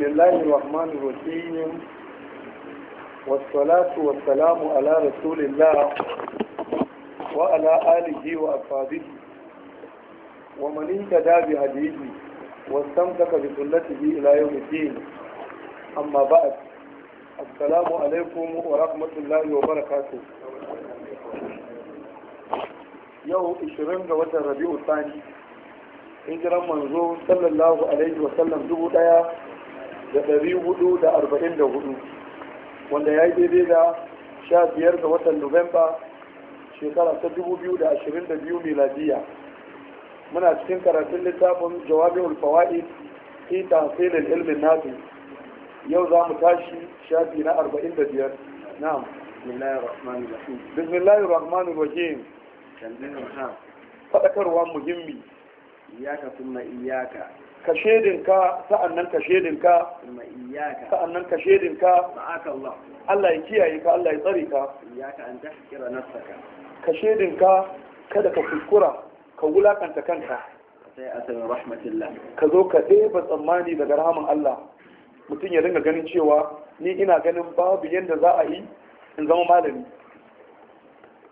بسم الله الرحمن الرحيم والصلاة والسلام على رسول الله وعلى آله وأصحابه ومن اهتدى بهديه واستمسك بسنته إلى يوم الدين أما بعد السلام عليكم ورحمة الله وبركاته يوم إشرين ga watan الثاني sani منظور صلى الله عليه وسلم dubu daya da ɗari hudu da arba'in da hudu wanda ya yi daidai da sha biyar ga watan Novemba shekara ta dubu biyu da ashirin da biyu miladiya muna cikin karatun littafin jawabin ulfawa'i ita tahsilil ilmin nafi yau za mu tashi shafi na arba'in da biyar na'am bismillahir rahmanir rahim faɗakarwa muhimmi iyaka kuma iyaka ka shedinka sa'annan ka shedinka sa'annan ka shedinka Allah ya kiyaye ka Allah ya tsare ka ka shedinka kada ka kuskura ka wulakanta kanka ka zo ka ɗeba tsammani daga rahaman Allah mutum ya dinga ganin cewa ni ina ganin babu yadda za a yi in zama malami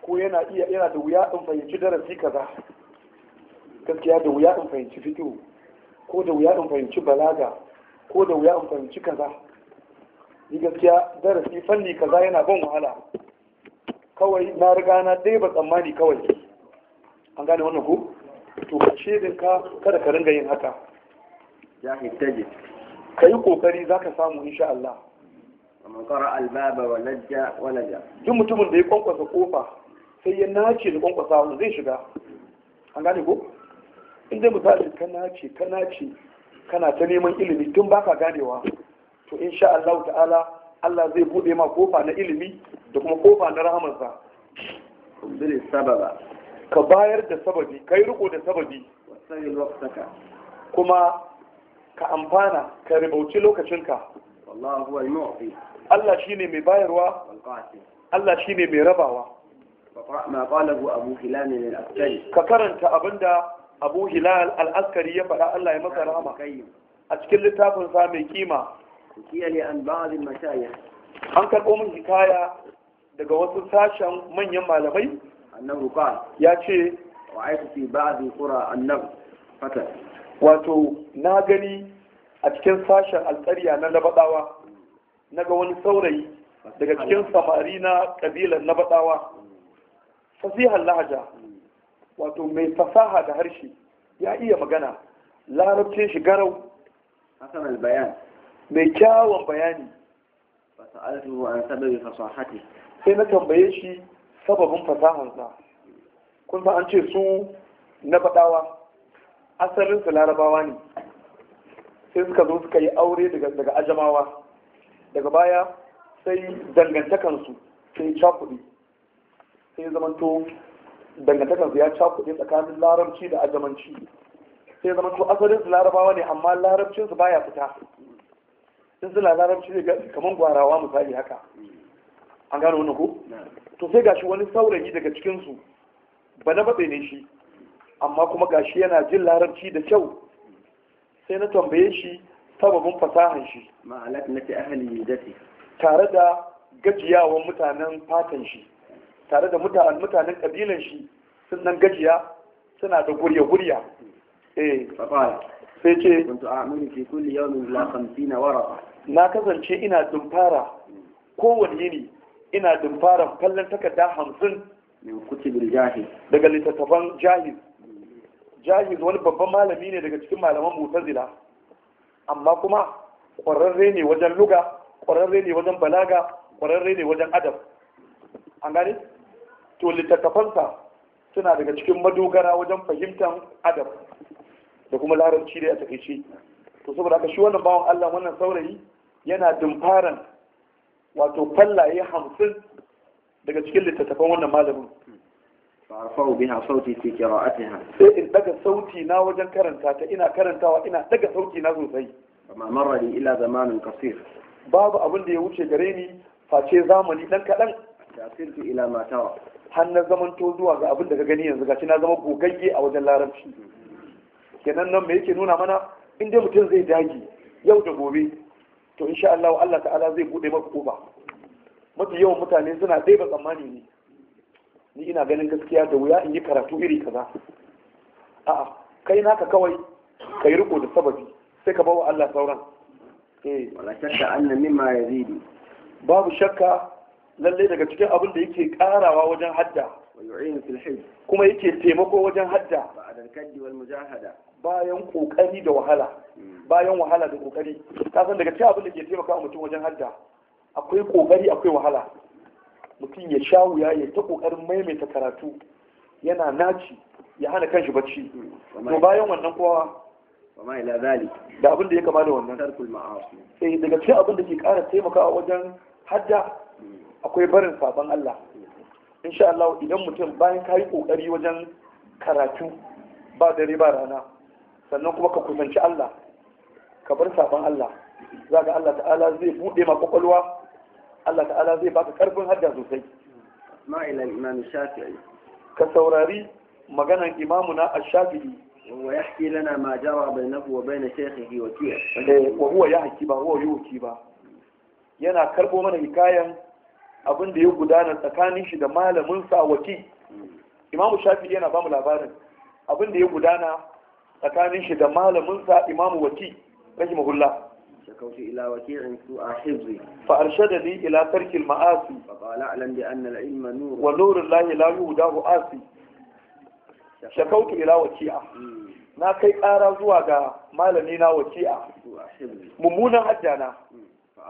ko yana iya yana da wuya in fahimci darasi kaza gaskiya da wuya in fahimci fito ko da wuya in fahimci balaga ko da wuya in fahimci kaza ni gaskiya darasi fanni kaza yana ban wahala kawai na riga na dai ba tsammani kawai an gane wannan ku to shedin ka kada ka ringa yin haka ya hittaje kai kokari zaka samu insha Allah amma qara albaba wa najja wa naja duk mutumin da ya kwankwasa kofa sai ya nace da kwankwasa zai shiga an gane ko in dai misali ka nace ka nace kana ta neman ilimi tun ba ka ganewa to sha Allah ta'ala Allah zai bude ma kofa na ilimi da kuma kofa na rahamarsa kumbili sababa ka bayar da sababi ka yi riko da sababi kuma ka amfana ka ribauci lokacinka Allah shi ne mai bayarwa Allah shi ne mai rabawa ka karanta abinda abu hilal al'askari ya faɗa Allah ya masa rahama a cikin littafin sa mai kima an karɓo min hikaya daga wasu sashen manyan malamai ya ce wato na gani a cikin sashen alƙarya na labadawa na ga wani saurayi daga cikin samari na ƙabilar labadawa fasihar lahaja wato mai fasaha da harshe ya iya magana larabcin shi garau hasan albayan mai kyawun bayani wa an sababi fasahati sai na tambaye shi sababin fasahansa kun ba an ce su na badawa asalin su larabawa ne sai suka zo suka yi aure daga ajamawa daga baya sai dangantakansu sai cakuɗi sai zamanto dangantakansu ya cakuɗe tsakanin larabci da ajamanci sai zama to asalin su larabawa ne amma larabcin su baya fita in suna larabci ne kamar gwarawa misali haka an gano wani ko to sai gashi wani saurayi daga cikin su na batse ne shi amma kuma gashi yana jin larabci da kyau sai na tambaye shi sababin fasahar shi ma'alat na ta ahli tare da gajiyawan mutanen fatan shi tare da mutanen kabilan shi sun nan gajiya suna da gurya gurya eh. sai ce na kasance ina dumfara kowane yini ina dumfara kallon takarda hamsin daga littattafan jahil jahil wani babban malami ne daga cikin malaman mutazila amma kuma ƙwararre ne wajen luga ƙwararre ne wajen balaga ƙwararre ne wajen adam. an gane to littattafansa suna daga cikin madogara wajen fahimtar adab da kuma larabci dai a takaice to saboda haka shi wannan bawan Allah wannan saurayi yana dumfaran wato fallaye hamsin daga cikin littattafan wannan malamin fa'afau biha sauti fi qira'atiha sai in daga sauti na wajen karanta ta ina karantawa ina daga sauti na sosai amma marra li ila zamanin qasir babu abin da ya wuce gare ni face zamani dan kadan tasirtu ila matawa har na zamanto zuwa ga abin da ka gani yanzu gashi na zama gogagge a wajen larabci kenan nan me yake nuna mana in dai mutum zai dage yau da gobe to insha Allah Allah ta'ala zai bude maka kofa mafi yawan mutane suna dai ba tsammani ne ni ina ganin gaskiya da wuya in yi karatu iri kaza a'a kai naka kawai kai riko da sababi sai ka bawa Allah sauran eh wala shakka anna mimma yazidu babu shakka lalle daga cikin abin da yake karawa wajen hadda kuma yake taimako wajen hadda bayan kokari da wahala hmm. bayan wahala da kokari kasan daga cikin abin da ke taimaka wa mutum wajen hadda akwai kokari akwai wahala mutum ya sha wuya ya ta kokarin maimaita karatu yana naci ya hana kanshi bacci hmm. to bayan wannan kowa da abin da ya kama da wannan eh, daga cikin abin da ke kara taimakawa wajen hadda akwai barin sabon Allah insha Allah idan mutum bayan ka yi kokari wajen karatu ba dare ba rana sannan kuma ka kusanci Allah ka bar sabon Allah za ga Allah ta'ala zai bude ma kwakwalwa Allah ta'ala zai baka karfin hajja sosai ma'ila imam shafi'i ka saurari maganan imamuna ash-shafi'i wa yahki lana ma jara bainahu wa bain shaykhihi wa kiyah eh, wa huwa yahki ba huwa yuki ba yana karbo mana hikayan Abinda ya gudana tsakanin shi da malamin sa waki imamu shafi yana ba mu labarin Abinda ya gudana tsakanin shi da malamin sa imamu waki rahimahullah شكوت إلى وكيع سوء حفظي فأرشدني إلى ترك المآسي فقال أعلم بأن العلم نور ونور الله لا يهداه آسي شكوت إلى وكيع na kai ƙara zuwa ga malami na waki'a mummunan hajjana hmm.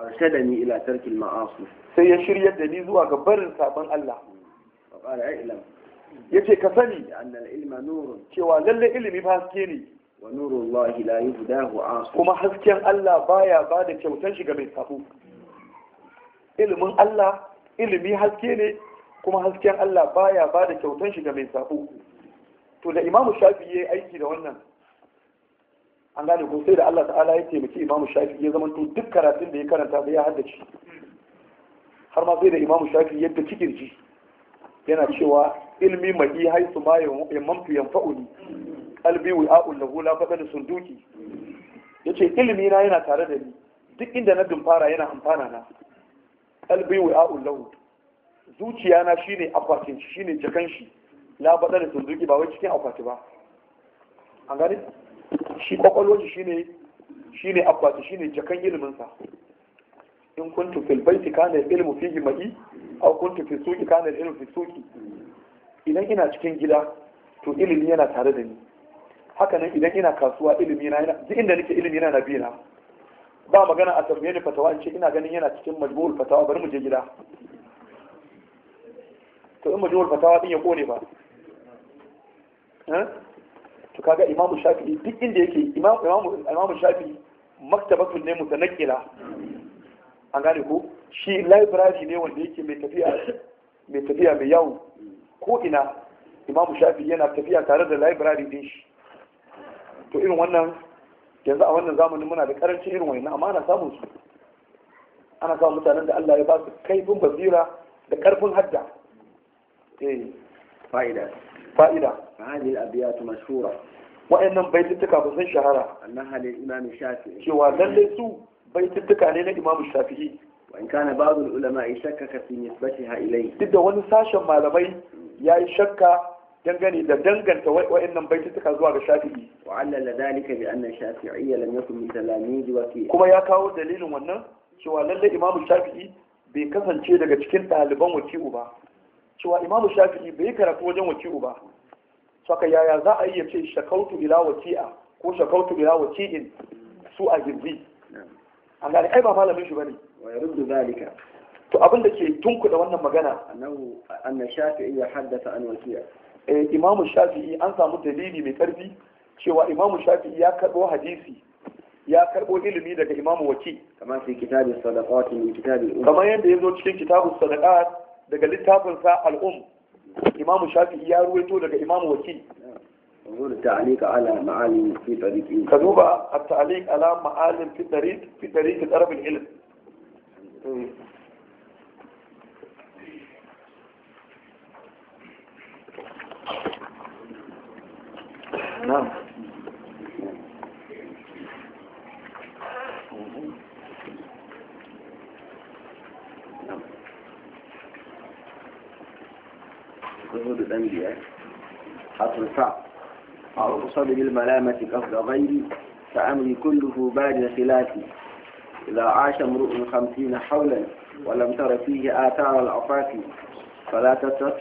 arshadani ila tarkil ma'asu sai ya shirya da ni zuwa ga barin sabon Allah ya ce ka sani cewa lalle ilimi ba haske ne kuma hasken Allah baya ba da kyautar shiga mai sabo ilimin Allah ilimi haske ne kuma hasken Allah baya ba da kyautar shiga mai sabo to da imamu shafi ya yi aiki da wannan an gane ko sai da Allah ta'ala ya taimaki imamu shafi ya zama to duk karatun da ya karanta da ya haddace har ma sai da imamu shafi yadda cikin ji. yana cewa ilmi mai haisu ma yammantu yanfa'uni qalbi wi'a'un lahu la da sunduki yace ilmi na yana tare da ni duk inda na dumfara yana amfana na qalbi wi'a'un lahu zuciya na shine akwatin shi shine jakan shi la da sunduki ba wai cikin akwati ba an gane shi kwakwalwar shi shine shine akwati shine jakan ilimin sa in kuntu fil baiti kana ilmu fihi ma'i aw kuntu fi suqi kana ilmu fi suqi idan ina cikin gida to ilimi yana tare da ni haka nan idan ina kasuwa ilimi na yana duk inda nake ilimi yana na bina ba magana a tafiye da fatawa in ce ina ganin yana cikin majmu'ul fatawa bari mu je gida to in majmu'ul fatawa din ya kone ba eh? to kaga imamu shafi'i duk inda yake imamu imamu shafi'i maktabatun ne mutanakkila an gane ko shi library ne wanda yake mai tafiya mai tafiya mai yawo ko ina imamu shafi yana tafiya tare da library din shi to irin wannan yanzu a wannan zamanin muna da karancin irin wannan amma ana samun su ana samun mutanen da Allah ya ba su kaifin basira da karfin hadda eh, fa'ida fa'ida hadhihi al-abyat mashhura wa'annan baitutuka ba san shahara annaha lil imam shafi cewa lalle su baitittuka ne na imamu shafi'i kana وإن كان بعض العلماء شكك في نسبتها إليه duk da wani sashen malamai ya shakka dangane da danganta wa'annan baitutuka zuwa ga shafi'i wa allala dalika bi anna shafi'iyya lam yakun min talamidi wa fi kuma ya kawo dalilin wannan cewa lalle Imamu shafi'i bai kasance daga cikin ɗaliban waki'u ba cewa Imamu shafi'i bai karatu wajen waki'u ba saka yaya za a iya ce shakautu ila waki'a ko shakautu ila waki'in su a girbi an gane ai ba malamin shi bane wa yaruddu zalika to abin da ke tunkuda wannan magana annahu anna shafi'i ya haddatha an wasiya eh imamu shafi'i an samu dalili mai karfi cewa imamu shafi'i ya karbo hadisi ya karbo ilimi daga imamu waki kama fi kitabi sadaqat min kitabi kamar yadda yazo cikin kitabu sadaqat daga littafin sa al-um imamu shafi'i ya ruwaito daga imamu waki ظهور التعليق على معالم في طريق إيه؟ التعليق على معالم في طريق في طريق الأرب العلم نعم زهود نعم. الأنبياء حصل صعب أو تصدر الملامة قبل غيري فأمري كله بعد خلافي إذا عاش امرؤ خمسين حولا ولم تر فيه آثار العفاف فلا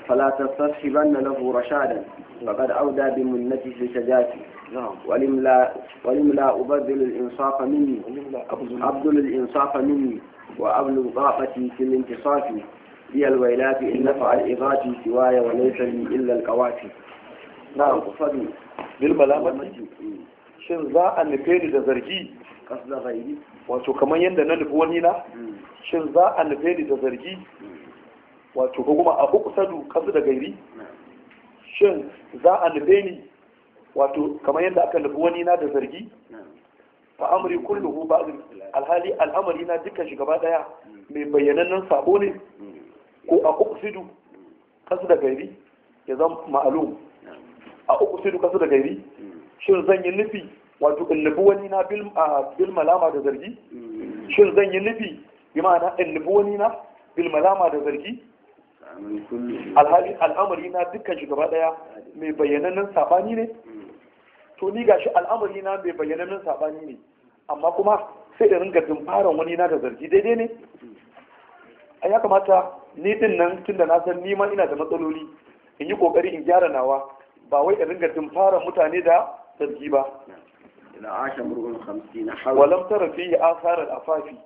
فلا تستصحبن له رشادا فقد أودى بمنته لشجاتي نعم. ولم لا ولم لا أبذل الإنصاف مني أبذل الإنصاف مني وأبلغ ضعفتي في الانتصاف لي الويلات إن نفع الإغاثي سواي وليس لي إلا الكوافي na'am ufadu bil malamati mm. shin za a nufe ni da zargi wato kamar yadda na nufi wani na mm. shin za a nufe ni da zargi mm. wato ko kuma a uqsadu kasu da gairi shin za a nufe ni wato kamar yadda aka nufi wani na da zargi fa amri kulluhu ba'd alhali al'amari na dukkan shi gaba daya mai bayyanannen sabo ne ko a uqsidu kasu da gairi ya zama ma'alum a uku sai duka su da gairi shin zan yi nufi wato in nufi wani na bil malama da zargi shin zan yi nufi bi ma'ana in nufi wani na bil malama da zargi alhali al'amari na dukkan shi gaba daya mai bayyanannen sabani ne to ni gashi al'amari na mai bayyanannen sabani ne amma kuma sai da ringa dumfaran wani na da zargi daidai ne a ya kamata ni din nan tunda na san nima ina da matsaloli in yi kokari in gyara nawa ba wai in ringa fara mutane da sarki ba ila asha murgun 50 hawa walam tara fihi athar al-afafi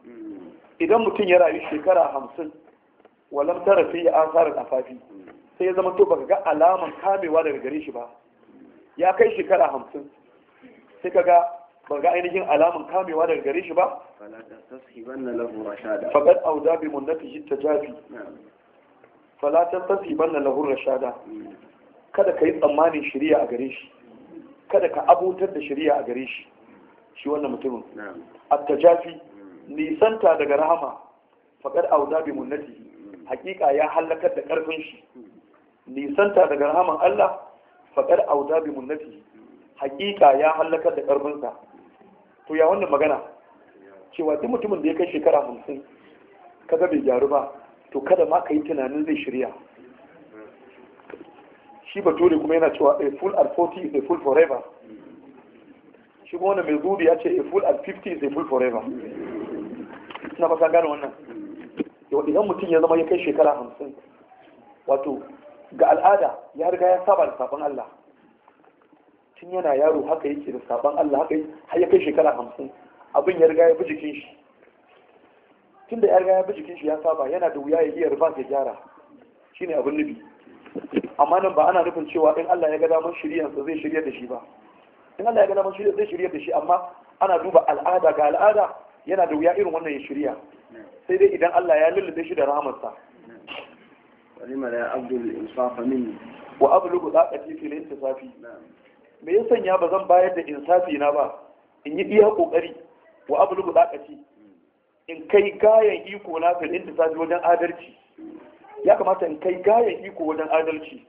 idan mutum ya rayu shekara hamsin, walam tara fihi athar al-afafi sai ya zama to baka ga alaman kamewa daga gare shi ba ya kai shekara hamsin, sai ka ga, ba ga ainihin alaman kamewa daga gare shi ba faƙad auda bi munnatihi Falatan fala tasibanna lahu rashada hmm. kada ka yi tsammanin shari'a a gare shi kada ka abutar da shari'a a gare shi shi wannan mutumin at-tajafi hmm. nisanta daga rahama faqad auda bi munnati hmm. hakika ya halakar da karfin shi hmm. nisanta daga rahaman Allah faqad auda bi munnati hakika ya halakar da karfin sa to ya wannan magana cewa duk mutumin da ya kai shekara 50 kaga bai gyaru ba to kada ma ka yi tunanin zai shirya shi bature kuma yana cewa a full at 40 is a full forever shi kuma wanda mai zubi ya ce a full at 50 is a full forever suna fasa gane wannan idan mutum ya zama ya kai shekara hamsin wato ga al'ada ya riga ya saba da sabon Allah tun yana yaro haka yake da sabon Allah haka har ya kai shekara hamsin abin ya riga ya bi jikin shi tun da ya riga ya bi jikin shi ya saba yana da wuya ya iya rufa ya gyara shine abin nubi amma nan ba ana nufin cewa in Allah ya ga damar sa zai shirya da shi ba in Allah ya ga damar shirya zai shirya da shi amma ana duba al'ada ga al'ada yana da wuya irin wannan ya shirya sai dai idan Allah ya lullube shi da rahamarsa walima la abdul insafa min wa ablugu daqati fi insafi me ya sanya ba zan bayar da insafi na ba in yi iya kokari wa ablugu daqati in kai gayan iko na fil insafi wajen adalci ya kamata in kai gayan iko wajen adalci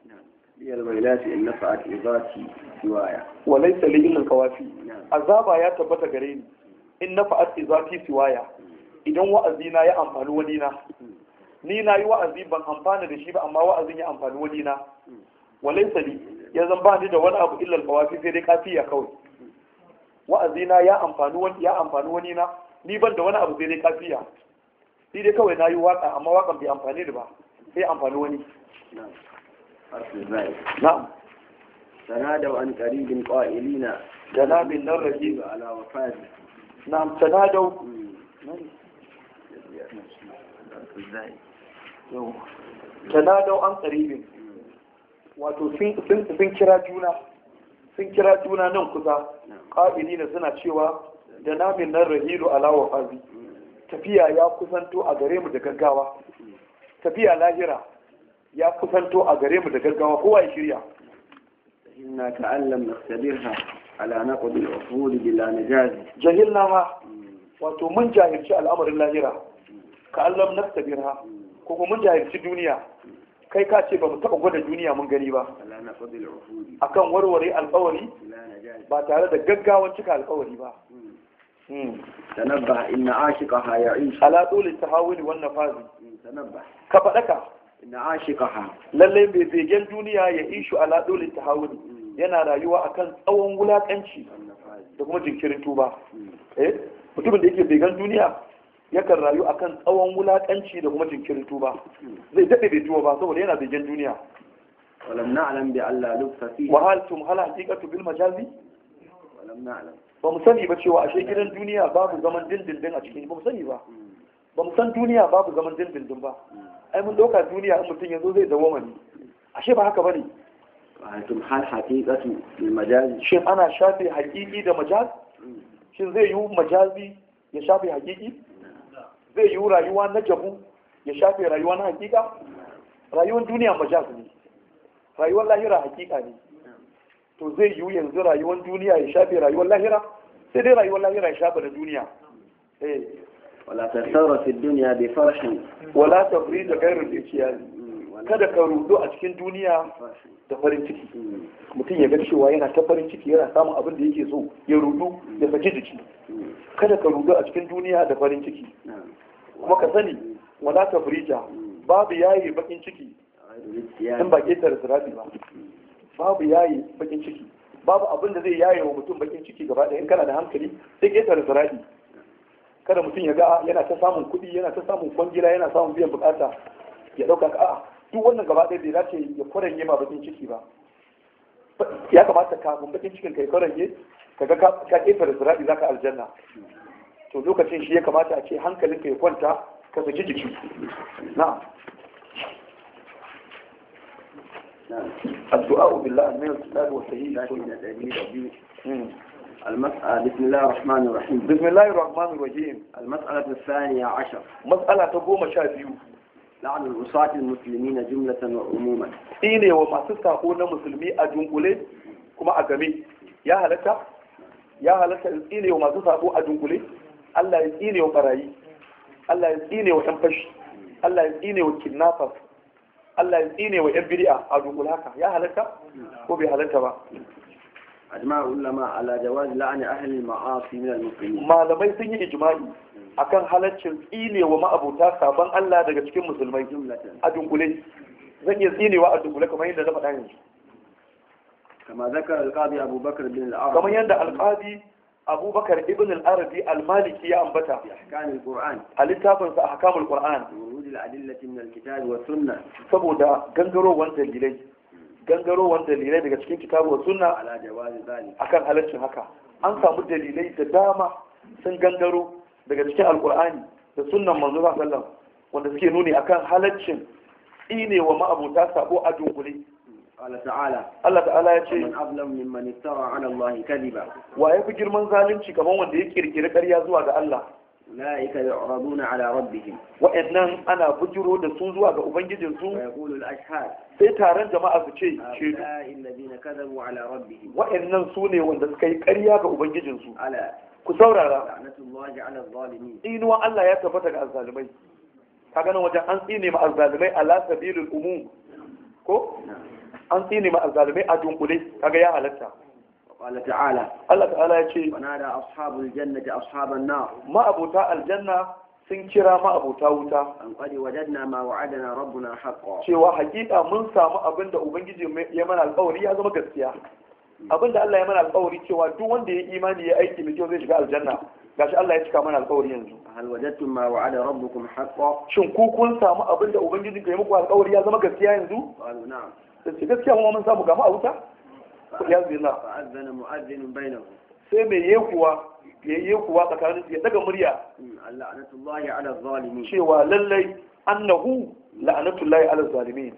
wa laysa li illa kawafi azaba ya tabbata gare ni in nafa'at izati siwaya idan wa'azi na ya amfani wani na hmm. ni na yi wa'azi ban amfana da shi ba amma wa'azin ya amfani wani na hmm. wa laysa li ya zan ba ni da wani abu illa kawafi sai dai kafiya kawai hmm. wa'azi na ya amfani wani ya amfani wani na ni ban da wani abu sai dai kafiya ni dai kawai na yi waka amma wakan bai amfani da ba sai amfani wani na'am tanadaw an qaribin hmm. an qaribin hmm. wato sun kira juna sun kira juna nan kusa na suna cewa da namin nan rahilu alawar wafati hmm. tafiya ya kusanto a gare mu da gaggawa tafiya lahira ya kusanto a gare mu da gaggawa kowa ya shirya inna ta'allam nastadirha ala naqdi al-usul bila najazi jahilna ma hmm. wato mun jahilci al'amarin lahira ka allam nastadirha ko mun jahilci duniya hmm. kai ka ce ba mu taba gwada duniya mun gani ba akan warware alƙawari ba tare da gaggawan cika alƙawari ba hmm. tanabba inna ashiqaha ya'ish ala tuli tahawuli wan nafazi ka faɗaka na ashiqaha mai begen duniya ya ishu ala ta hauri. Mm. yana rayuwa akan tsawon wulaƙanci da kuma jinkirin tuba mm. eh mutumin da yake begen duniya yakan rayu akan tsawon wulaƙanci da kuma jinkirin tuba mm. zai daɗe bai tuba ba saboda yana begen duniya ولم bi Allah لا wa hal وهل تم هل حقيقة بالمجاز ولم نعلم ba mu sani ba cewa ashe gidan duniya babu zaman dindindin a cikin ba mu sani ba ba mu san duniya babu zaman dindindin ba ai mun ɗauka duniya in mutum yanzu zai dawo mani ashe ba haka ba ne hal haqiqatu lil majaz shin ana shafe haqiqi da majaz shin zai yi majazi ya shafe haqiqi zai yi rayuwa na jabu ya shafe rayuwa na haqiqa rayuwar duniya majaz ne rayuwar lahira haqiqa ne to zai yi yanzu rayuwar duniya ya shafe rayuwar lahira sai dai rayuwar lahira ya shafe da duniya eh ولا tasarra fi dunya bi farhi wala tabrid ghayr al-ityan kada ka rudo a cikin duniya da farin ciki mutum ya ga cewa yana ta farin ciki yana samun abin da yake so ya rudo ya saki jiki kada ka rudo a cikin duniya da farin ciki kuma ka sani wala furija babu yayi bakin ciki in ba ketare sirati ba babu yayi bakin ciki babu abin da zai yaye wa mutum bakin ciki gaba ɗaya in kana da hankali sai ketare sirati kada mutum ya ga yana ta samun kuɗi yana ta samun kwangila yana samun biyan bukata ya ɗauka ka a'a duk wannan gaba ɗaya bai dace ya kwaranye ma bakin ciki ba ya kamata kafin bakin cikin kai kwaranye ka ga ka kefa da zira'i zaka aljanna to lokacin shi ya kamata a ce hankalin ka ya kwanta ka saki jiki na'am الدعاء بالله من الصلاة والسهيل المسألة بسم الله الرحمن الرحيم بسم الله الرحمن الرحيم المسألة الثانية عشر مسألة تقوم شابيو لعن العصاة المسلمين جملة وعموما إني وما تستقون مسلمي أجنقلي كما أجمي يا هلكا يا هلكا إني وما تستقون أجنقلي الله يسقيني وبراي الله يسقيني وحنفش الله يسقيني وكنافر Allah ya tsine wa ‘yan biri'a a dukkan haka ya halatta ko bai halatta ba أجمع العلماء على جواز لعن أهل المعاصي من المسلمين ما لم يسن إجماعي akan halaccin tsinewa ma'abota sabon Allah daga cikin musulmai a dunkule zan iya kamar yadda na abubakar bin al-arabi ibn al-arabi al-maliki ya ambata ahkamul qur'an a littafin sa ahkamul qur'an wurud al-adillati wa sunnah saboda gangarowar dalilai Gangaro wani dalilai daga cikin kitabu wa sunna akan halaccin haka an samu dalilai da dama sun gangaro daga cikin alkur'ani da sunnan manzo ba sallam wanda suke nuni akan halaccin ine wa ma'abuta sabo a dunkule Allah ta'ala ya ce wa ya fi girman zalunci kamar wanda ya kirkiri karya zuwa ga Allah ulaika ana bujiro da su zuwa ga ubangijin sai taron jama'a su ce shedu wa'annan su ne wanda suka yi karya ga ubangijin ku saurara inuwa Allah ya tabbata ga azzalimai ka ganin wajen an tsine ma azzalimai ala sabilil umum ko an tsine ma azzalimai a dunkule kaga ya halatta قال تعالى الله تعالى يقول ونادى اصحاب الجنه اصحاب النار ما ابوتا الجنه sun kira ma abuta wuta an kwari wajen ma wa'adana rabbuna haqqa cewa hakika mun samu abin ubangiji ya mana alƙawari ya zama gaskiya abin Allah ya mana alƙawari cewa duk wanda ya imani ya aiki mutum zai shiga aljanna gashi Allah ya cika mana alƙawari yanzu A wajadtum ma wa'ada rabbukum haqqa shin ku kun samu abin da ubangiji ya muku alƙawari ya zama gaskiya yanzu na'am sai gaskiya mun samu ga ma yanzila fa'azana mu'adhdhin bainahum sai mai yekuwa ya yekuwa tsakanin ya daga murya hmm, cewa lallai annahu la'natullahi ala zalimin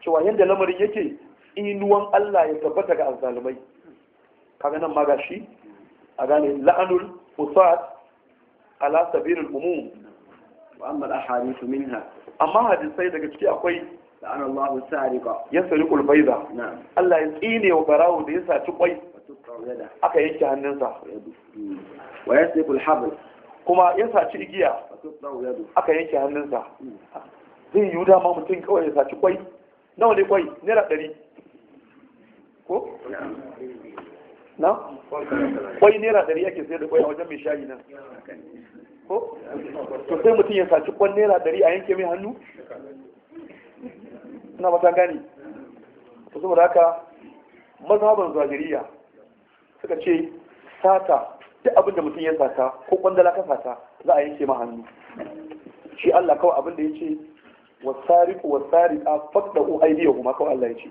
cewa yadda lamarin yake inuwan Allah ya tabbata ga azzalimai kaga nan ma shi? a gane la'anul usat ala sabilil umum amma hadisai daga ciki akwai la'ana Allahu sariqa ya sariqul bayda Allah ya tsine wa barawo da ya saci kwai aka yanke hannunsa hmm. wa yasriqul habl kuma ya saci igiya aka yanke hannunsa hmm. zai yi dama mutum kawai ya saci kwai nawa ne kwai naira ɗari ko na kwai naira ɗari ake sayar da kwai a wajen mai shayi nan ko to sai mutum ya saci kwan naira ɗari a yanke mai hannu suna mata gani to da haka mazhabar zagiriya suka ce sata duk abinda mutum ya sata ko kwandala ka sata za a yanke ma hannu shi Allah kawai abinda ya ce wasariku wasariqa faqdu kuma kawai Allah ya ce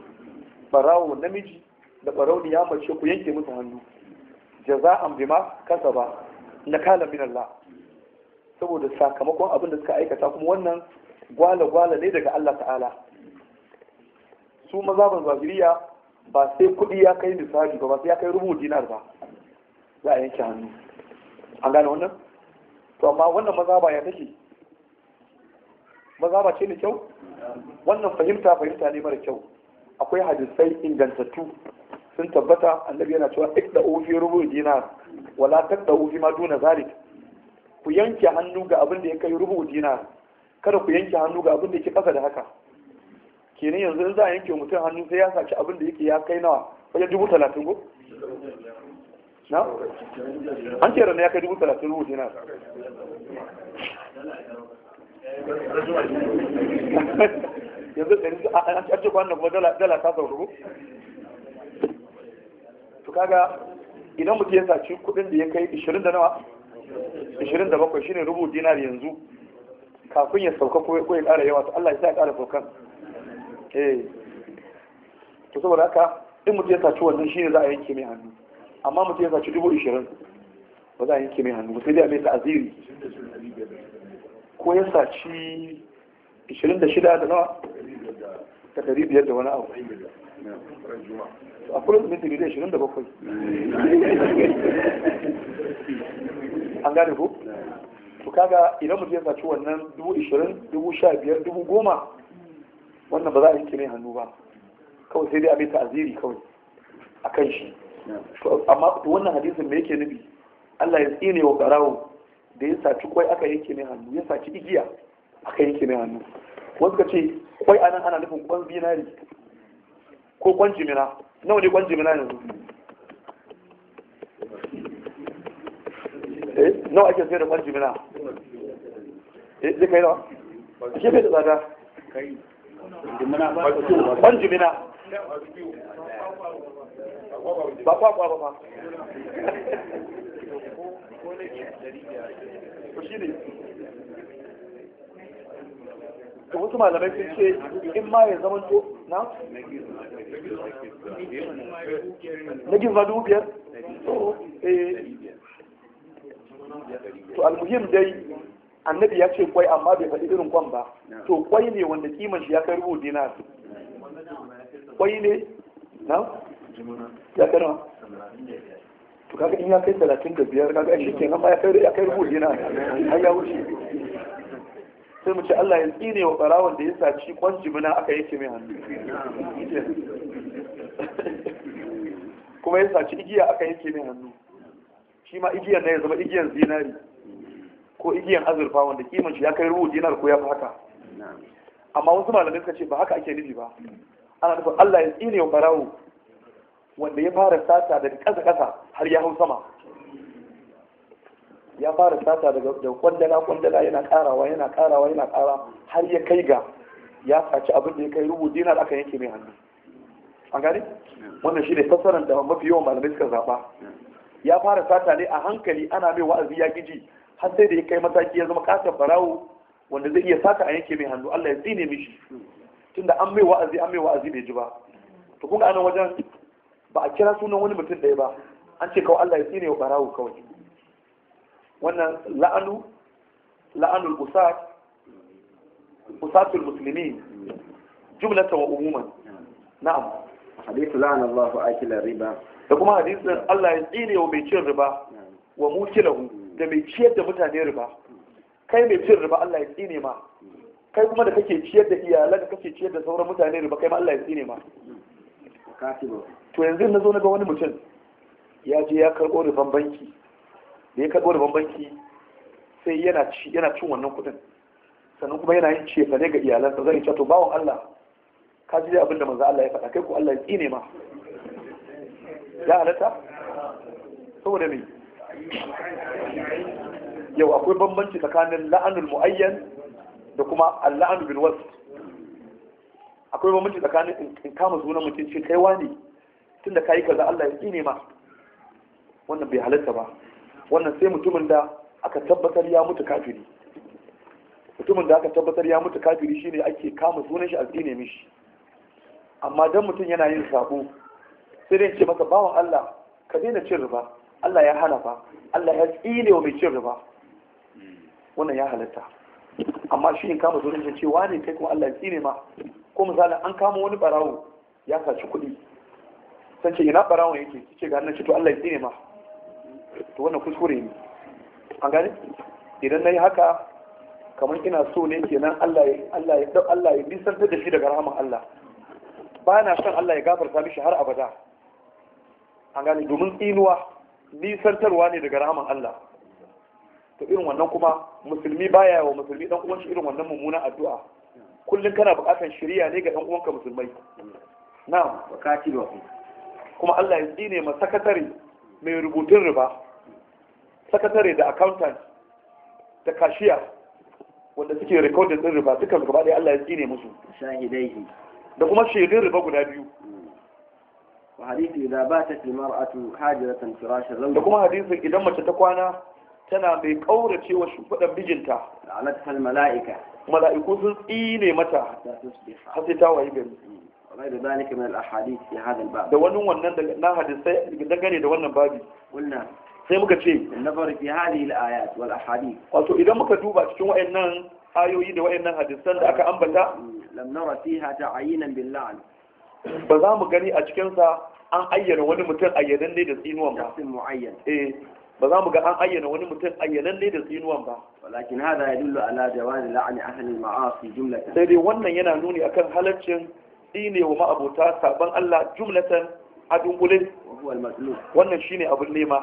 barawo namiji da barauni ya mace ku yanke musu hannu jaza'an bima kasaba nakala min Allah saboda sakamakon abin da suka aikata kuma wannan gwala gwala ne daga Allah ta'ala su mazhaban zahiriya ba sai kuɗi ya kai misali ba ba sai ya kai rubu dinar ba za a yanke hannu an gane wannan to amma wannan mazhaba ya take mazhaba ce ne kyau wannan fahimta fahimta ne mara kyau akwai hadisai ingantattu sun tabbata annabi yana cewa ik da ofi rubu dinar wala tak da ofi ma duna zalik ku yanke hannu ga abin da ya kai rubu dinar kada ku yanke hannu ga abin da yake kasa da haka kenan yanzu za a yanke mutum hannu sai ya saki abin da yake ya kai nawa wajen dubu talatin ko na an ce rana ya kai dubu talatin rubu dinar yanzu ɗari an ce na kuma dala ta sauru ko? to kaga idan mutum ya saci kuɗin da ya kai ishirin da nawa ishirin da bakwai shine rubu dinar yanzu kafin ya sauka ko ya ƙara yawa to Allah ya sa ya ƙara saukan eh to saboda haka in mutum ya saci wannan shine za a yanke mai hannu amma mutum ya saci dubu ishirin ba za a yanke mai hannu ba sai dai a mai ta'aziri ko ya saci ishirin da shida da nawa ta dari biyar da wani abu a kullum minti biyu da ishirin da bakwai an gane ko to kaga idan mutum ya saci wannan dubu ishirin dubu sha biyar dubu goma wannan ba za a yanke mai hannu ba kawai sai dai a mai ta'aziri kawai a kan shi amma wannan hadisin me yake nufi Allah ya tsine wa karawo da ya saci kwai aka yanke mai hannu ya saci igiya aka yanke mai hannu wasu ka ce kwai anan ana nufin kwan zinari ko kwan jimina nawa ne kwan jimina yanzu eh, nawa ake sayar da kwan jimina eh, zai kai nawa? Ake bai da tsada? ban jimina ba kwa ba ba to wasu malamai sun ce in ma ya zama to na na eh. to almuhim dai annabi ya ce kwai amma bai faɗi irin kwan ba to kwai ne wanda kiman shi ya kai rubu dinar kwai ne na ya kai nawa to kaga in ya kai talatin da biyar kaga shi ke amma ya kai rubu dinar har ya wuce sai mu ce Allah ya tsine wa barawon da ya saci kwan jimina aka yake mai hannu kuma ya saci igiya aka yake mai hannu shi ma igiyar na ya zama igiyar zinari ko igiyan azurfa wanda kimanci ya kai rubu dinar ko ya fi haka amma wasu malamai suka ce ba haka ake nufi ba ana nufin Allah ya tsine wa barawo wanda ya fara sata daga ƙasa ƙasa har ya hau sama ya fara sata daga kwandala kwandala yana karawa yana karawa yana kara har ya kai ga ya saci abin da ya kai rubu dinar aka yanke mai hannu an gane wannan shi ne fassarar da mafi yawan malamai suka zaba ya fara sata ne a hankali ana mai wa'azi ya giji har sai da ya kai mataki ya zama katon farawo wanda zai iya saka a yanke mai hannu Allah ya tsine mishi tunda an mai wa'azi an mai wa'azi bai ji ba to kun ga wajen ba a kira sunan wani mutum ɗaya ba an ce kawai Allah ya tsine wa barawo kawai wannan la'anu la'anul usat musulmi jumla jumlatan wa umuman na'am hadith la'ana Allahu akila riba da kuma hadisin Allah ya tsine wa mai cin riba wa mukilahu da mai ciyar da mutane riba kai mai cin riba Allah ya tsine ma kai kuma da kake ciyar da iyalan da kake ciyar da sauran mutane riba kai ma Allah ya tsine ma to yanzu na zo na ga wani mutum ya je ya karɓo riban banki da ya karɓo riban banki sai yana ci yana cin wannan kuɗin sannan kuma yana yin ne ga iyalansa zai ce to bawon Allah ka ji abin da manzo Allah ya faɗa kai ko Allah ya tsine ma ya halatta saboda me yau akwai bambanci tsakanin la'anul mu'ayyan da kuma al bin wasu. akwai bambanci tsakanin in kama sunan mutum ce kai wani tunda kai kaza Allah ya tsine ma wannan bai halatta ba wannan sai mutumin da aka tabbatar ya mutu kafiri mutumin da aka tabbatar ya mutu kafiri shine ake kama sunan shi a tsine mishi amma dan mutum yana yin sabo sai dai ce masa bawan Allah ka daina cin riba Allah ya hana ba Allah ya tsine wa mai cin riba hmm. wannan ya halatta amma shi in kama zurin da wa ne kai kuma Allah ya tsine ma ko misali an kama wani barawo ya saci kuɗi san ce ina barawon yake ce ga nan ce to Allah ya tsine ma to wannan kuskure ne an gane idan nayi haka kamar ina so ne kenan Allah ya Allah ya Allah ya da shi daga rahaman Allah ba na son Allah ya gafarta mishi har abada an gane domin tsinuwa nisantarwa ne daga rahaman Allah to irin wannan kuma musulmi baya wa musulmi dan uwan shi irin wannan mummunan addu'a kullun kana buƙatar shari'a ne ga dan uwanka musulmai na'am ba kuma Allah ya tsine ma sakatare mai rubutun riba sakatare da accountant da kashiya wanda suke recording din riba dukkan gaba ɗaya Allah ya tsine musu shahidai da kuma shaidun riba guda biyu wa hadithu idza batat da kuma hadisin idan mace ta kwana tana mai kaurace wa shimfiɗar mijinta la'anat al mala'ika sun tsine mata sai ta gari ذلك من في هذا الباب da wannan wannan na hadisai dangane da wannan babi sai muka ce nazar wato idan muka duba cikin wayannan ayoyi da wayannan hadisan da aka ambata mm. lam nara fiha ta'ayinan bil la'n ba za mu gani a cikin sa an ayyana wani mutum ayyanan ne da tsinuwan ba eh ba za mu ga an ayyana wani mutum ayyanan ne da tsinuwan ba walakin hada ya dillu ala jawazi la'ani ahli ma'asi jumlatan sai dai wannan yana nuni akan halaccin tsine wa ma'abota saban Allah jumlatan a dunkule wannan shine abin nema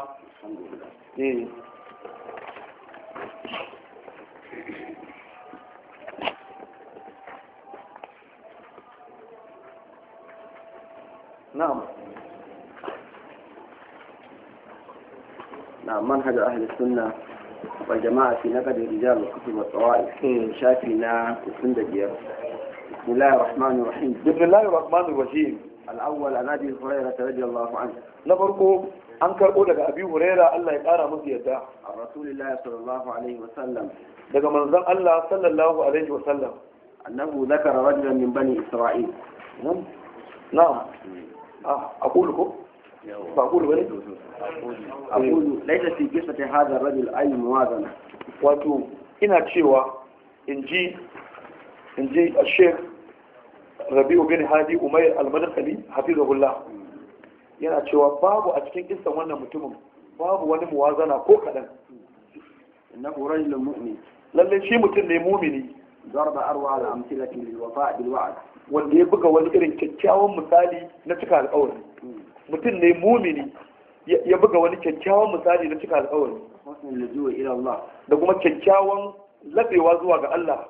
نعم eh. na'am منهج أهل السنة والجماعة في نقد الرجال والكتب والطوائف شافينا وسند بسم الله الرحمن الرحيم بسم الله الرحمن الرحيم الأول عن أبي هريرة رضي الله عنه نبركم an karɓo daga abi huraira Allah ya ƙara musu yadda a rasulillahi sallallahu alaihi wasallam daga manzon Allah sallallahu alaihi wasallam annahu zakara rajulan min bani isra'il na'am ah ko فأقول ولي أقول ليس في قصة هذا الرجل أي موازنة واتو إنا تشيوا إنجي إنجي الشيخ ربيع بن هادي أمير المدخلي حفظه الله yana cewa babu a cikin kisan wannan mutumin babu wani muwazana ko kaɗan innahu rajulun mu'min lalle shi mutum ne mumini zarba arwa al amsilati lil wafa' bil wa'd wanda ya buga wani irin kyakkyawan misali na cika alƙawari hmm. mutum ne mumini ya buga wani kyakkyawan misali na cika alkawari da kuma kyakkyawan latsewa zuwa ga Allah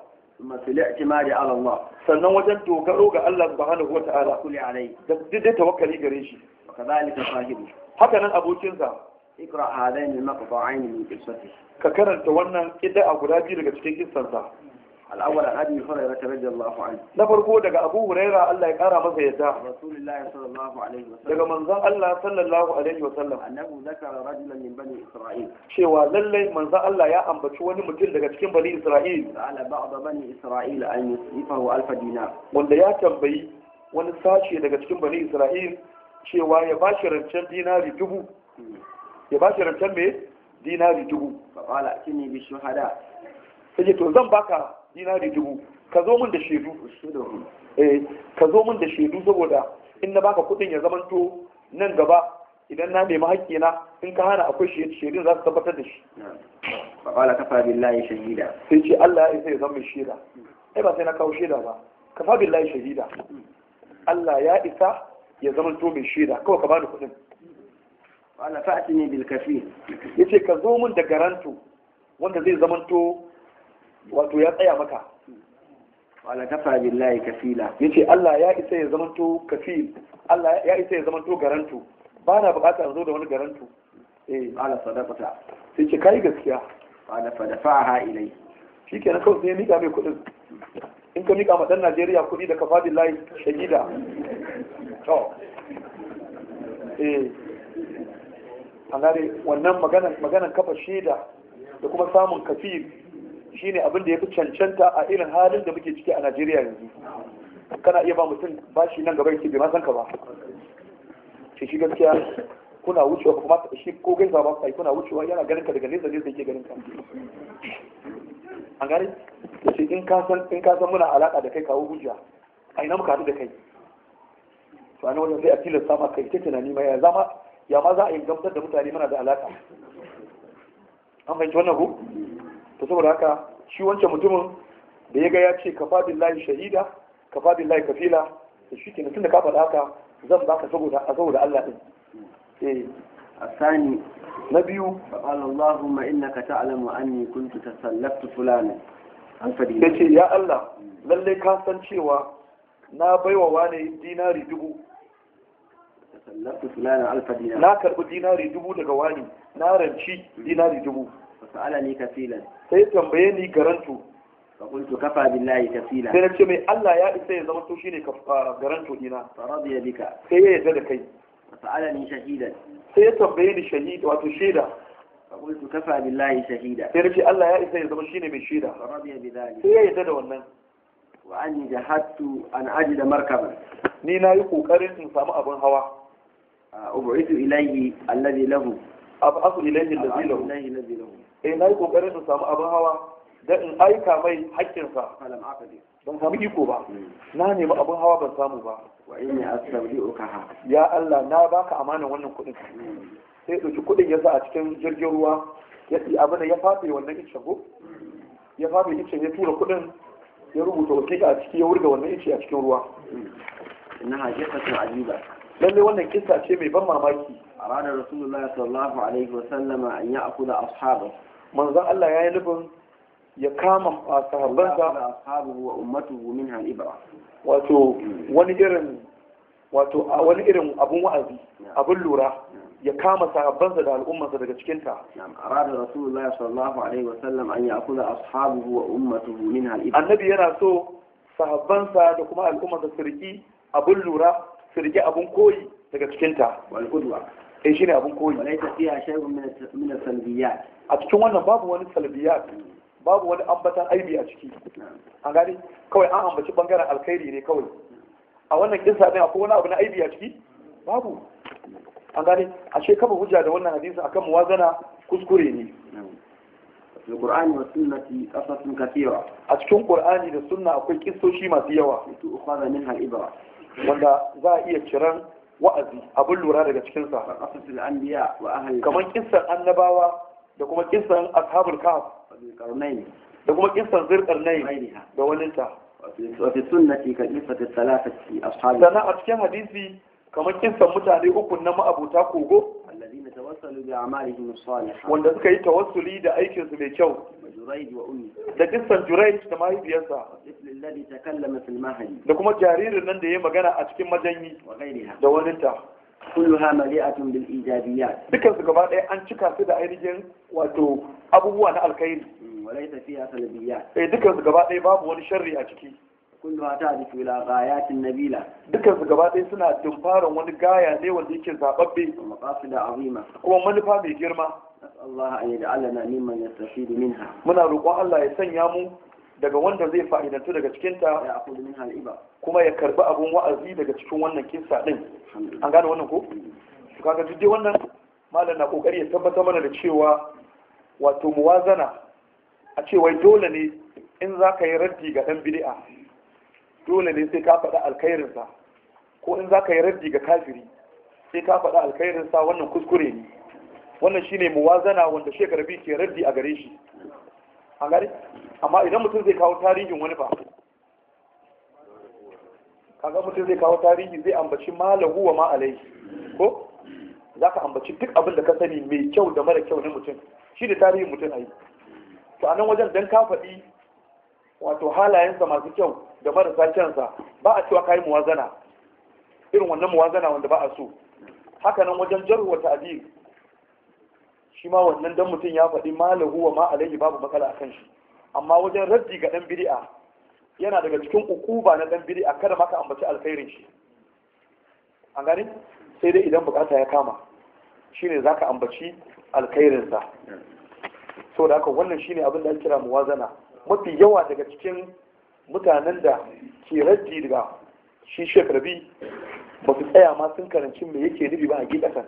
sannan wajen dogaro ga Allah subhanahu wa ta'ala da dai tawakkali gare shi haka nan abokinsa ka karanta wannan kidda a guda biyu daga cikin kissansa الاول عن ابي هريره رضي الله عنه نفر كو daga ابو هريره الله ya kara masa رسول الله صلى الله عليه وسلم daga manzon Allah sallallahu alaihi wasallam annahu zakara rajulan min bani isra'il cewa lalle manzon Allah ya ambaci wani mutum daga cikin bani isra'il ala ba'd bani isra'il an yusifahu alf wanda ya tambayi wani sashe daga cikin bani isra'il cewa ya bashi rancen dinari dubu ya dubu fa qala atini bi shuhada sai to zan baka dinari dubu ka zo min da shaidu eh ka zo min da shaidu saboda in na baka kuɗin ya zamanto nan gaba idan na nemi hakki na in ka hana akwai shaidun za su tabbatar da shi fa qala kafa billahi shahida sai ce Allah ya isa ya zama shaida ai ba sai na kawo shaida ba kafa billahi shahida Allah ya isa ya zama to mai shaida kawai ka bani kuɗin qala fa'tini bil kafil yace ka zo min da garanto wanda zai zama to wato ya tsaya maka wala kafa billahi kafila yace Allah ya isa ya to kafil Allah ya isa ya to garantu ba na bukatar zo da wani garantu eh ala sadaqata sai ce kai gaskiya fa fadafaha ilai shikenan kawai sai mika mai kudin in ka mika ma dan Najeriya kudi da kafa billahi shahida to eh an wannan magana magana kafa shaida da kuma samun kafil shine abin da ya fi cancanta a irin halin da muke ciki a Najeriya yanzu kana iya ba mutum bashi nan gaba yake bai masan san ka ba shi shi gaskiya kuna wucewa kuma shi ko gai ba kai kuna wucewa yana ganin ka daga nesa nesa ke ganin ka an gani? shi in ka san in ka san muna alaka da kai kawo hujja a ina muka haɗu da kai to a nan sai a tilasta sama kai ta tunani ma ya zama ya ma za a yi gamsar da mutane muna da alaka an fahimci wannan ku to saboda haka shi wancan mutumin da ya ga ya ce kafa layi shahida Ka layi ka fila da shi tun da ka faɗa haka zan ka saboda a saboda Allah ɗin. eh sani na biyu qala allahumma innaka ta'lamu anni kuntu tasallaftu fulani an fadi ce, ya Allah lallai ka san cewa na baiwa wane dinari dubu na karɓi dinari dubu daga wani na ranci dinari dubu fasala ni kafilan sai tambaye ni garantu فقلت كفى بالله كفيلا sai nace mai Allah ya isa ya zama to shine kafara garanto dina faradiya bika sai ya yarda da kai sa'alani shahidan sai ya tambaye ni shahid wato shaida فقلت كفى بالله شهيدا sai nace Allah ya isa ya zama shine mai shaida faradiya bidali sai ya yarda da wannan wa anni jahattu an ajida markaban ni na yi kokarin in samu abin hawa ubu'itu ilayhi alladhi lahu ab'athu ilayhi alladhi lahu eh na yi kokarin in samu abin hawa dan in aika mai haƙƙinsa ban samu iko ba hmm. na nemi abin hawa ban samu ba wa inni astawdi'uka ya Allah na baka amanan wannan kuɗin hmm. sai ɗauki kuɗin ya sa a cikin jirgin ruwa ya ɗi abin ya fafe wannan ice ko ya fafe ice ya tura kuɗin ya rubuta wasiƙa a ciki ya wurga wannan ice a cikin ruwa hmm. inna hajjatun ajiba lalle wannan kissa ce mai ban mamaki a ranar rasulullahi sallallahu alaihi wa sallama an ya'kula ashabahu manzon Allah ya yi nufin ya kama sahabbansa wato wani irin wato wani irin abun wa'azi abun lura ya kama sahabbansa da al'ummarsa daga cikinta arada rasulullahi sallallahu alaihi wa sallam an ya kula ashabuhu wa ummatuhu minha al annabi yana so sahabbansa da kuma al'ummarsa su riki abun lura su riki abun koyi daga cikinta wal qudwa Eh, shi ne abin koyi wani tafiya shaibu mina al a cikin wannan babu wani salbiya babu wani ambatan aibi a ciki an gani kawai an ambaci bangaren alkhairi ne kawai a wannan kisa din akwai wani abu na aibi a ciki babu an gani ashe kafa hujja da wannan hadisi akan muwazana kuskure ne في القرآن والسنة قصص كثيرة أتكون قرآن للسنة أقول قصة شيء ما فيها تؤخذ Wanda za a iya إيه wa'azi abin lura daga cikin sa asasul kamar annabawa da kuma kissan ashabul kahf da kuma kissan zirqarnayn da waninta wa sunnati ka ashabi sana a cikin hadisi kamar kissan mutane uku na ma'abuta kogo wanda suka yi tawassuli da aikinsu mai kyau da kisan jurai da mahaifiyarsa da kuma jaririn nan da ya magana a cikin majanyi da wani ta kulluha mali'atun bil ijabiyat su gaba ɗaya an cika su da ainihin wato abubuwa na alkhairi mm, walaysa fiha salbiyat eh dukkan su gaba ɗaya babu wani sharri a ciki kulluwa ta da fila bayatin nabila dukkan su gaba ɗaya suna tumfarin wani gaya ne wanda yake zababbe maqasida azima kuma manufa mai girma Allah an yaj'alana mimman yastafidu minha muna roƙon Allah ya sanya mu daga wanda zai fa'idantu daga cikin ta ya da minha al'iba kuma ya karbi abun wa'azi daga cikin wannan kissa din an gane wannan ko to kaga duk wannan malam na kokari ya tabbatar mana da cewa wato muwazana a cewa dole ne in za ka yi raddi ga ɗan bid'a dole ne sai ka faɗa alkhairinsa ko in za ka yi raddi ga kafiri sai ka faɗa alkhairinsa wannan kuskure ne wannan shine muwazana wanda biyu ke raddi a gare shi a gare amma idan mutum zai kawo tarihin wani ba kaga mutum zai kawo tarihi zai ambaci malahu wa ma'alai ko za ka ambaci duk abin da ka sani mai kyau da mara kyau na mutum shi ne tarihin mutum a yi to a nan wajen don ka faɗi wato halayensa masu kyau da marasa kyansa ba a cewa kayi muwazana irin wannan muwazana wanda ba a so nan wajen jarhu wa ta'dil shi ma wannan dan mutum ya faɗi malahu wa ma alaihi babu matsala akan shi amma wajen raddi ga dan bid'a yana daga cikin ukuba na dan bid'a kada maka ambaci alkhairin shi an gani sai dai idan bukata ya kama shine zaka ambaci alkhairinsa saboda haka wannan shine abin da ake kira muwazana mafi yawa daga cikin mutanen da ke raddi daga shi shekarbi ba su tsaya ma sun karanci me yake nufi ba a gidatan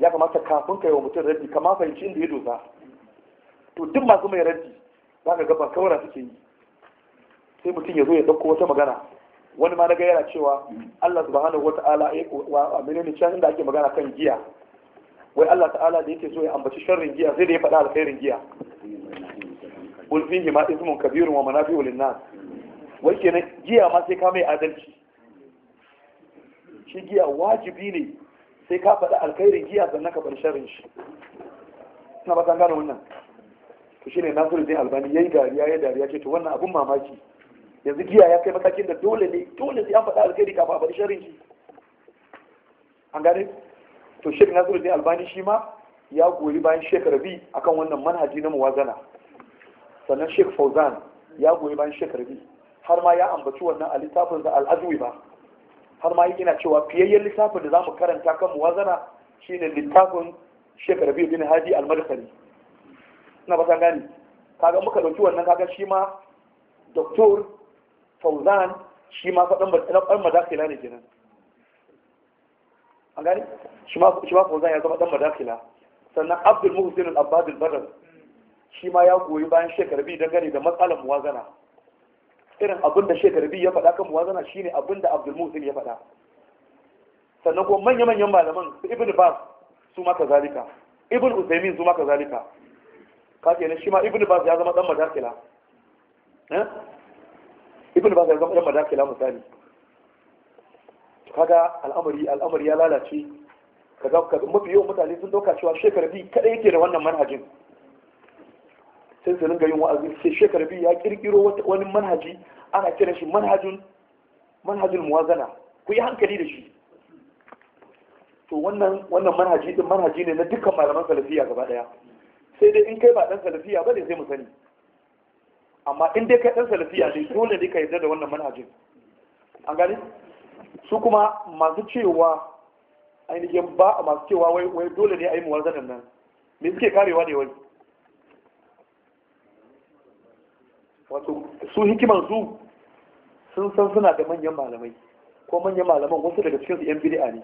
ya kamata kafin ka yi wa mutum raddi kama fahimci inda ya doza to duk masu mai raddi za ka gaba kawara suke yi sai mutum ya zo ya ɗauko wata magana wani ma na gayyara yana cewa Allah subhanahu wata'ala wa eh, ne can inda ake magana kan giya wai Allah ta'ala da yake so ya ambaci sharrin giya sai da ya faɗa alkhairin giya qul fihi ma ismun kabirun wa manafi'u linnas nas wai kenan giya ma sai ka mai adalci shi giya wajibi ne sai ka faɗi alkhairin giya sannan ka bar sharrin shi na ba san gane wannan to shine Nasiruddin Albani yayi dariya yayi dariya ce to wannan abun mamaki yanzu giya ya kai matakin da dole ne dole sai an faɗi alkhairi kafin a bar sharrin shi an gane to Sheikh Nasiruddin Albani shi ma ya goyi bayan Sheikh Rabi akan wannan manhaji na muwazana sannan sheikh fauzan ya goyi bayan sheikh rabi har ma ya ambaci wannan a littafin da al'azumi ba har ma yana cewa fiyayyen littafin da za mu karanta kan muwazana shine littafin sheikh rabi bin hadi al-madkhali ina ba gani kaga muka dauki wannan kaga shi ma doktor fauzan shi ma faɗan ɗan madakila ne kenan an gani shi ma fauzan ya zama ɗan madafila. sannan abdul muhsin al-abbad al-badr shi ma ya goyi bayan shekarbi dangane da matsalar muwazana irin abin da shekarbi ya faɗa kan muwazana shine abin da abdul ya faɗa sannan kuma manya-manyan malaman su ibn bas su ma zalika. ibn usaimin su ma zalika. ka kenan shi ma ibn bas ya zama dan madakila eh? ibn bas ya zama dan madakila misali kaga al'amari al'amari ya lalace kaga mafi yawan mutane sun dauka cewa shekarbi kadai yake da wannan manhajin sai su ringa yin wa'azi sai shekara biyu ya kirkiro wani manhaji ana kiran shi manhajin manhajin muwazana ku yi hankali da shi to wannan wannan manhaji din manhaji ne na dukkan malaman salafiya gaba daya sai dai in kai ba dan salafiya ba ne sai mu sani amma in dai kai dan salafiya ne dole ne ka yarda da wannan manhajin an gani su kuma masu cewa ainihin ba masu cewa wai dole ne a yi muwazanan nan me suke karewa ne wai wato su hikimar su sun san suna da manyan malamai ko manyan malaman wasu daga cikin su yan bid'a ne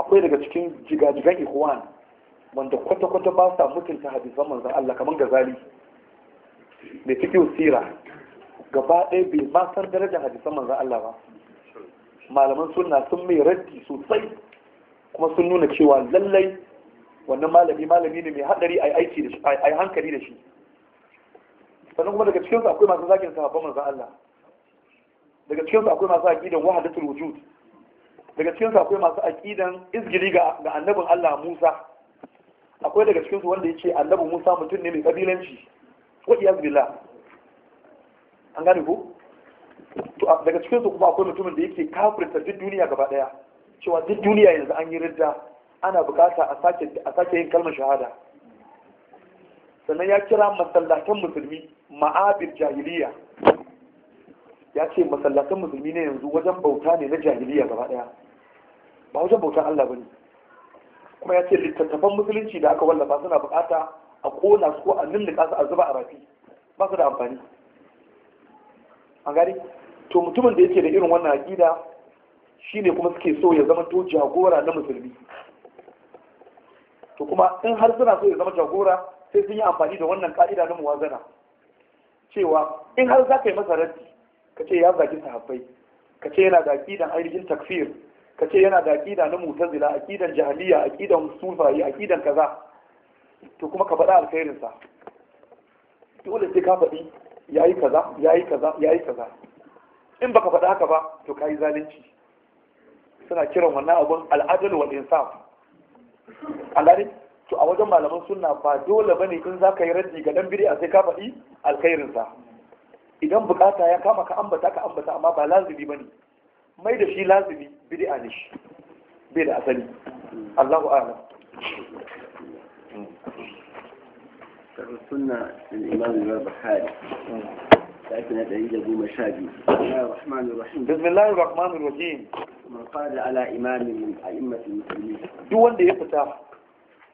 akwai daga cikin jigajigan ikhwan wanda kwata-kwata ba sa mutunta hadisan manzon Allah kamar gazali mai cikin sira gaba ɗaya bai ma san darajar hadisan manzon Allah ba malaman sunna sun mai raddi sosai kuma sun nuna cewa lallai wannan malami malami ne mai hadari a aiki da shi a hankali da shi sannan kuma daga cikinsu akwai masu zakin sahabban manzon Allah daga cikinsu akwai masu aƙidan wahdatul wujud daga cikinsu akwai masu aƙidan izgiri ga annabin Allah Musa akwai daga cikinsu wanda ya ce annabin Musa mutum ne mai ƙabilanci, ko iya zubila an gane ko to daga cikinsu kuma akwai mutumin da yake kafirta duk duniya gaba daya cewa duk duniya yanzu an yi ridda ana bukata a sake a sake yin kalmar shahada sannan ya kira masallatan musulmi ma'abir jahiliya ya ce masallatan musulmi ne yanzu wajen bauta ne na jahiliya gaba daya ba wajen bautan Allah bane kuma ya ce littattafan musulunci da aka wallafa suna bukata a kona su ko a lullika su a zuba a rafi ba su da amfani an gani to mutumin da yake da irin wannan aqida shine kuma suke so ya zama to jagora na musulmi to kuma in har suna so ya zama jagora sai sun yi amfani da wannan ka'ida na muwazana cewa in har za ka yi masa raddi ka ce ya zagi sahabbai ka ce yana da aƙidan ainihin takfir ka ce yana da aqida na mutazila aqidan jahiliya aqidan sufayi aqidan kaza to kuma ka faɗa alkhairin sa dole sai ka faɗi yayi kaza yayi kaza yayi kaza in baka faɗa haka ba to kai zalunci suna kiran wannan abun al'adal wal insaf alani to a wajen malaman sunna ba dole bane in za ka yi raddi ga dan bid'a sai ka faɗi alkhairinsa idan bukata ya kama ka ambata ka ambata amma ba lazimi bane mai da shi lazimi bid'a ne shi bai da asali Allahu a'lam sunna al-imam al-bukhari da عند da goma sha الله Bismillahir Rahmanir Rahim. Bismillahir Rahmanir Rahim. من ala على إمام من musulmi. Duk wanda ya fita.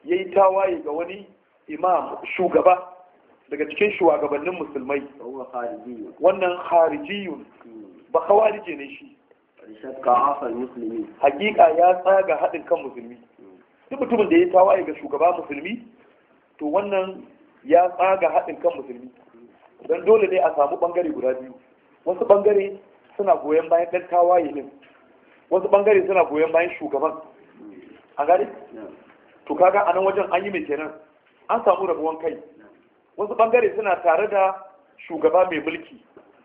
ya yi tawaye ga wani imam shugaba daga cikin shugabannin musulmai wannan harijiyun ba kawarije ne shi hakika ya tsaga haɗin kan musulmi duk mutumin da ya tawaye ga shugaba musulmi to wannan ya tsaga haɗin kan musulmi don dole ne a samu ɓangare guda biyu wasu ɓangare suna goyon bayan ɗan tawaye ne wasu ɓangare suna goyon bayan shugaban a gari to kaga a wajen an yi mai kenan an samu rabuwan kai wasu bangare suna tare da shugaba mai mulki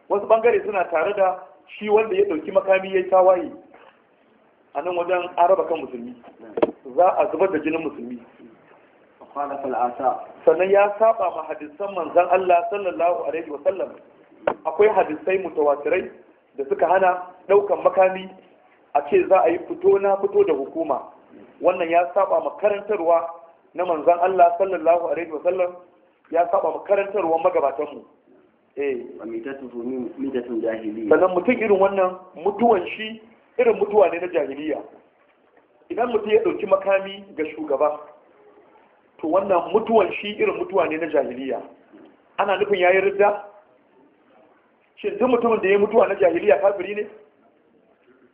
wasu bangare suna tare da shi wanda ya dauki makami ya yi tawaye a nan wajen araba kan musulmi za a zubar da jinin musulmi sannan ya saba ma hadisan manzan Allah sallallahu alaihi wa sallam akwai hadisai mutawatirai da suka hana daukan makami a ce za a yi fito na fito da hukuma wannan ya saba ma karantarwa na manzan Allah sallallahu alaihi wasallam ya saba ma karantarwa magabatan mu eh jahiliya sannan mutum irin wannan mutuwan shi irin mutuwa ne na jahiliya idan mutum ya dauki makami ga shugaba to wannan mutuwan shi irin mutuwa ne na jahiliya ana nufin yayi ridda shin duk mutumin da ya mutuwa na jahiliya kafiri ne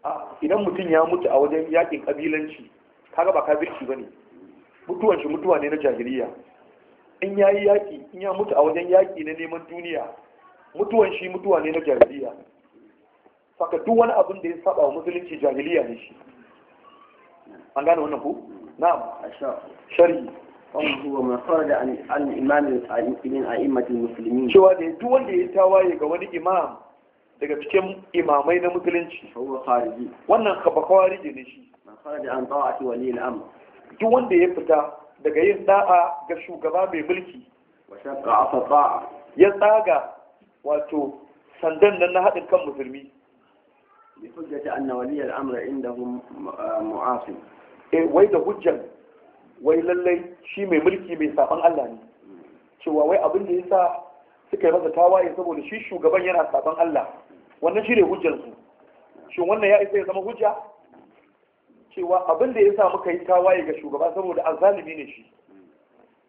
ah, idan mutum ya mutu a wajen yakin kabilanci kaga ba kafirci bane mutuwan shi mutuwa ne na jahiliya in yayi yaki in ya mutu a wajen yaki na neman duniya mutuwan shi mutuwa ne na jahiliya saka duk wani abin da ya saba wa musulunci jahiliya ne shi an gane wannan ku na'am shari'i huwa ma farada an an imam al-muslimin a'immatul muslimin cewa da duk wanda ya tawaye ga wani imam daga cikin imamai na musulunci wannan kaba khawariji ne shi kharaja an ta'ati wali al-amr duk wanda ya fita daga yin da'a ga shugaba mai mulki wa shaqqa ata'a ya tsaga wato sandan nan na haɗin kan musulmi bi hujjati anna wali al-amr indahum mu'asim eh wai da hujjan wai lallai shi mai mulki mai saban Allah ne cewa wai abin da yasa suka yi masa tawaye saboda shi shugaban yana saban Allah wannan shi ne su. shin wannan ya isa ya zama hujja cewa abin da ya sa muka yi tawaye ga shugaba saboda azalimi ne shi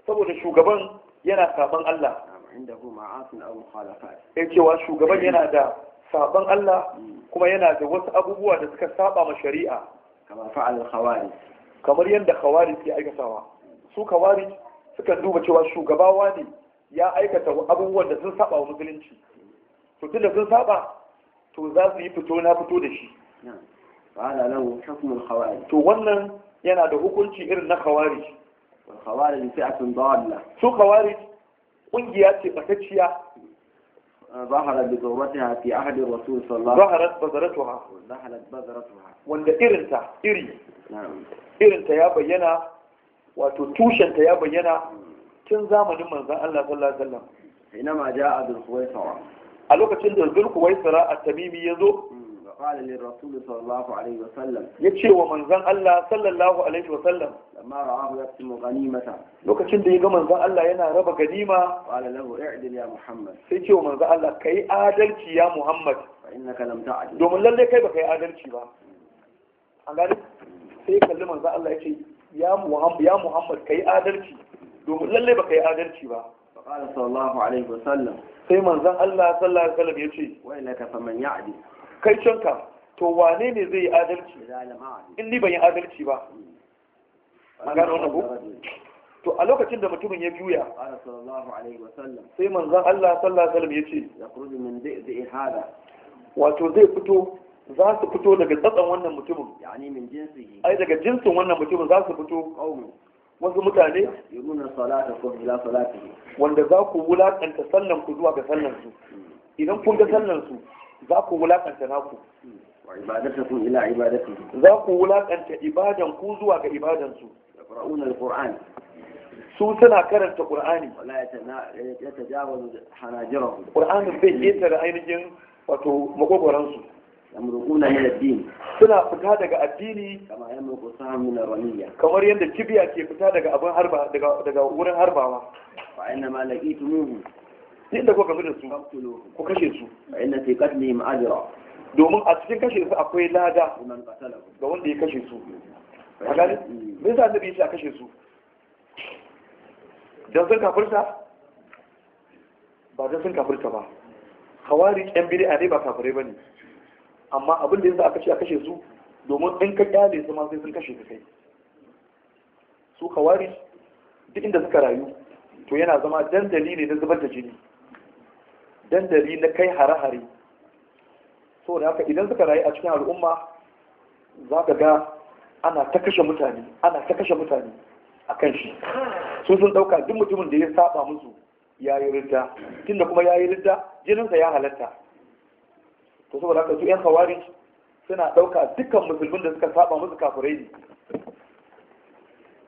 saboda shugaban yana saban Allah ya cewa shugaban yana da saban Allah kuma yana da wasu abubuwa da suka saba ma shari'a kamar yadda khawari ke aikatawa su khawari suka duba cewa shugabawa ne ya aikata abubuwan da sun saba wa musulunci to tun da sun saba to za su yi fito na fito da shi fa'ala lahu hukmu al-khawarij to wannan yana da hukunci irin na khawarij khawarij fi asin dalla su khawarij kungiya ce bakaciya zahara bi zawratiha fi ahd ar-rasul sallallahu wanda irin ta ya bayyana wato tushen ta ya bayyana tun zamanin manzon Allah sallallahu alaihi a lokacin da bil khuwaisara at-tamimi yazo mm. فقال للرسول صلى الله عليه وسلم يتشي ومن ذن الله صلى الله عليه وسلم لما رآه يقسم غنيمة لو كتشن دي من ذن الله ينا رب غنيمة قال له اعدل يا محمد يتشي ومن ذن الله كي آدلك يا محمد فإنك لم تعدل دوم لله كيف كي آدلك با أنا سيكلم من ذن الله يتشي ya muhammad ya muhammad kai adalci domin lalle baka yi adalci ba faqala sallallahu alaihi wasallam sai manzon Allah sallallahu alaihi wasallam yace wai laka faman ya'di kai canka to wane ne zai yi adalci in ni ban yi adalci ba A gano wannan ko to a lokacin da mutumin ya juya sai manzan Allah sallallahu alaihi wasallam ce. wato zai fito za su fito daga tsatsan wannan mutumin ai daga jinsin wannan mutumin za su fito wasu mutane wanda za ku wulaƙanta sallan ku zuwa ga sallan su idan kun ga sallan su za ku wulakanta naku za ku wulakanta ibadan ku zuwa ga ibadan su su suna karanta qur'ani qur'anin bai keta da ainihin wato makogoran su suna fita daga addini ramiya kamar yadda kibiya ke fita daga wurin harbawa duk da kuka da su ku kashe su inna fi qatlihim ajra domin a cikin kashe su akwai lada ga wanda ya kashe su a gani me yasa annabi yace a kashe su dan sun kafirta ba dan sun kafirta ba Hawari yan bid'a ne ba kafirai bane amma abin da yasa aka ce a kashe su domin in ka kyale su ma sai sun kashe su kai su hawari, duk inda suka rayu to yana zama dandali ne na zubar da jini dandali na kai hare-hare saboda haka idan suka rayu a cikin al'umma za ka ga ana ta kashe mutane ana ta kashe mutane a kan shi sun sun ɗauka duk mutumin da ya saba musu ya yi ridda tunda kuma ya yi ridda jininsa ya halatta to saboda haka su 'yan hawari suna ɗauka dukkan musulmin da suka saba musu kafirai ne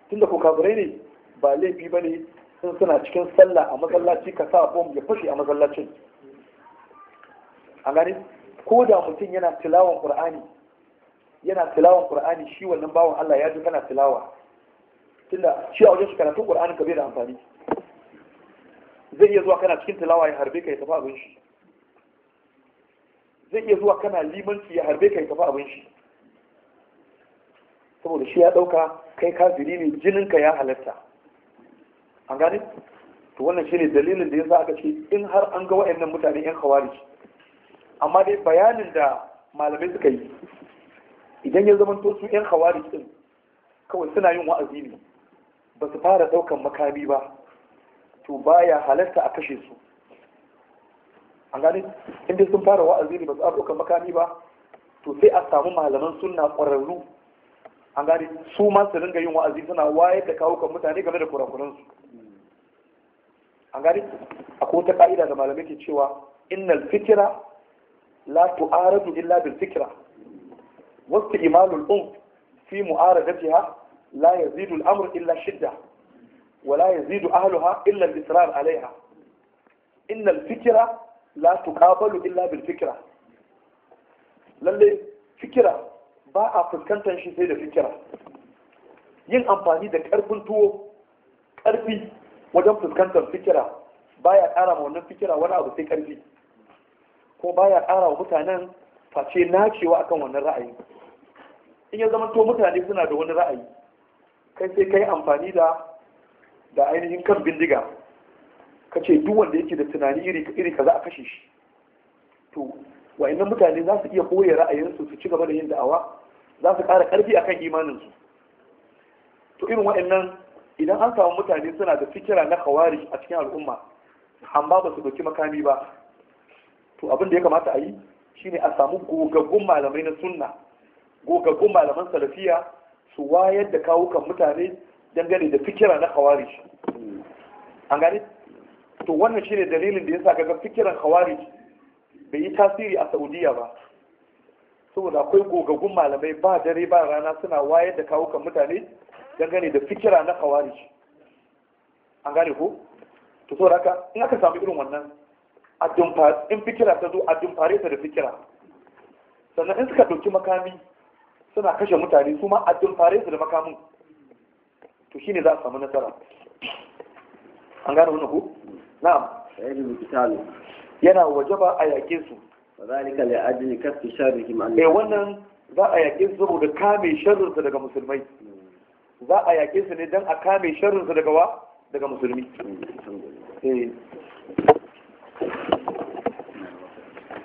tunda ko kafirai ne ba laifi ba ne sun suna cikin sallah a masallaci ka sa bom ya fashe a masallacin a gani ko da mutum yana tilawan qur'ani yana tilawan qur'ani shi wannan bawan Allah ya ji kana tilawa tunda shi a wajen shi karatun qur'ani ka bai da amfani zai iya zuwa kana cikin tilawa ya harbe ka ya tafi abin shi zai iya zuwa kana limanci ya harbe ka ya tafi abin shi saboda shi ya dauka kai kafiri ne jinin ka ya halatta an gane to wannan shine dalilin da yasa aka ce in har an ga wa'annan mutane yan khawarij amma dai bayanin da malamai suka yi idan ya zama su 'yan hawari din kawai suna yin wa'azi ne ba su fara daukan makami ba to baya halarta a kashe su an gani inda sun fara wa'azi ne ba su daukan makami ba to sai a samu malaman sunna ƙwararru an gani su ma su ringa yin wa'azi suna wayar da kawo kan mutane game da kurakuransu an gani akwai wata ka'ida da malamai ke cewa innal fitira. la tu'aradu illa bil fikra wasu imalul um fi mu'aradatiha la yazidu al illa shidda wa la yazidu ahluha illa israr alaiha inna al-fikra la illa bil fikra lalle fikira ba a fuskantar shi sai da fikira yin amfani da karfin tuwo ƙarfi wajen fuskantar fikira baya ƙara ma wannan fikira wani abu sai karfi ko baya ƙara wa mutanen face nacewa akan wannan ra'ayi in ya zama to mutane suna da wani ra'ayi kai sai kai amfani da da ainihin kan bindiga ka ce duk wanda yake da tunani iri kaza a kashe shi to wa'annan mutane za su iya koya ra'ayinsu su ci gaba da yin da'awa za su ƙara ƙarfi akan imaninsu to irin wayannan idan an samu mutane suna da fikira na kawari a cikin al'umma amma ba su ɗauki makami ba to abin da ya kamata a yi shine a samu gogaggun malamai na sunna gogaggun malaman salafiya su wayar da kawukan mutane dangane da fikira na khawarij an gane to wannan shine dalilin da yasa kaga fikiran khawarij bai yi tasiri a saudiya ba saboda akwai gogaggun malamai ba dare ba rana suna wayar da kawukan mutane dangane da fikira na khawarij an gane ko to saboda haka in aka samu irin wannan in fikira ta zo a dumfare ta da fikira sannan in suka ɗauki makami suna kashe mutane su ma a dumfare su da makamin to shi ne za a samu nasara an gane wani ku na'am Yana waje ba a yaƙe su zalika eh wannan za a yaƙe su saboda kame sharrinsa daga musulmai za a yaƙe su ne don a kame sharrinsa daga wa daga musulmi eh.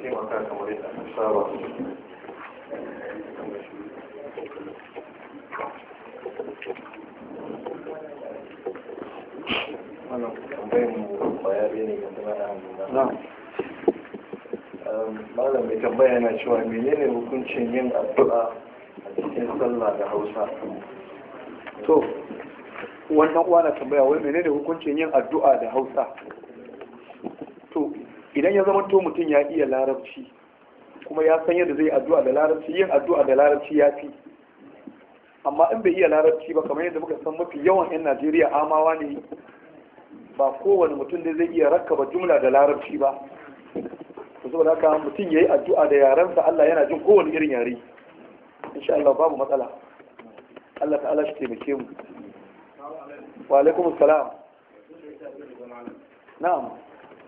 Um, malam mai tambaya yana cewa menene hukuncin yin addu'a a cikin sallah da hausa to wannan uwa na tambaya wai menene hukuncin yin addu'a da hausa idan ya zama to mutum ya iya larabci kuma ya san yadda zai addu'a da larabci yin addu'a da larabci ya fi amma in bai iya larabci ba kamar yadda muka san mafi yawan 'yan najeriya amawa ne ba kowane mutum da zai iya rakkaba jumla da larabci ba saboda haka mutum ya yi addu'a da yarensa allah yana jin kowane irin yare insha allah babu matsala allah ta'ala shi taimake mu wa alaikum salam na'am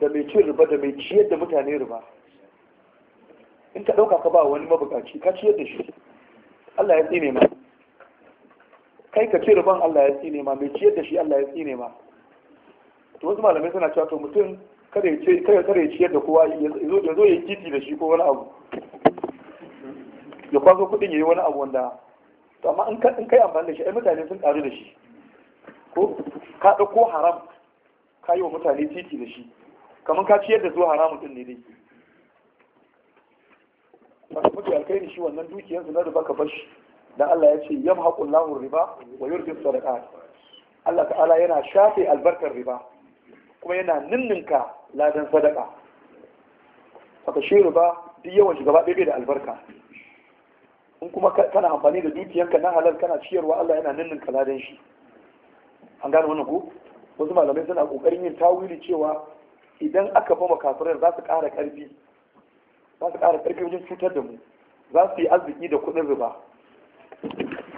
da mai cin riba da mai ciyar da mutane riba in ka ɗauka ka ba wani mabukaci ka ciyar da shi Allah ya tsine ma kai ka ci riban Allah ya tsine ma mai ciyar da shi Allah ya tsine ma to wasu malamai suna cewa to mutum kada ya ce kada ya ciyar da kowa ya zo ya kiti da shi ko wani abu ya kwaso kuɗin yayi wani abu wanda to amma in ka in kai amfani da shi ai mutane sun karu da shi ko ka ɗauko haram ka yi wa mutane titi da shi kamar ka ciyar da su haramun din ne dai mafi alkhairi shi wannan dukiyarsu na riba ka bashi da Allah ya ce yamhaqu Allahu riba wa yurdi sadaqat Allah ta'ala yana shafe albarkar riba kuma yana ninninka ladan sadaka haka shi riba duk yawan shi gaba ɗaya da albarka in kuma kana amfani da dukiyanka na halal kana ciyarwa Allah yana ninninka ladan shi an gane wannan ko wasu malamai suna kokarin yin tawili cewa idan aka ba makafirar za su ƙara ƙarfi za su ƙara ƙarfi wajen cutar da mu za su yi arziki da kuɗin riba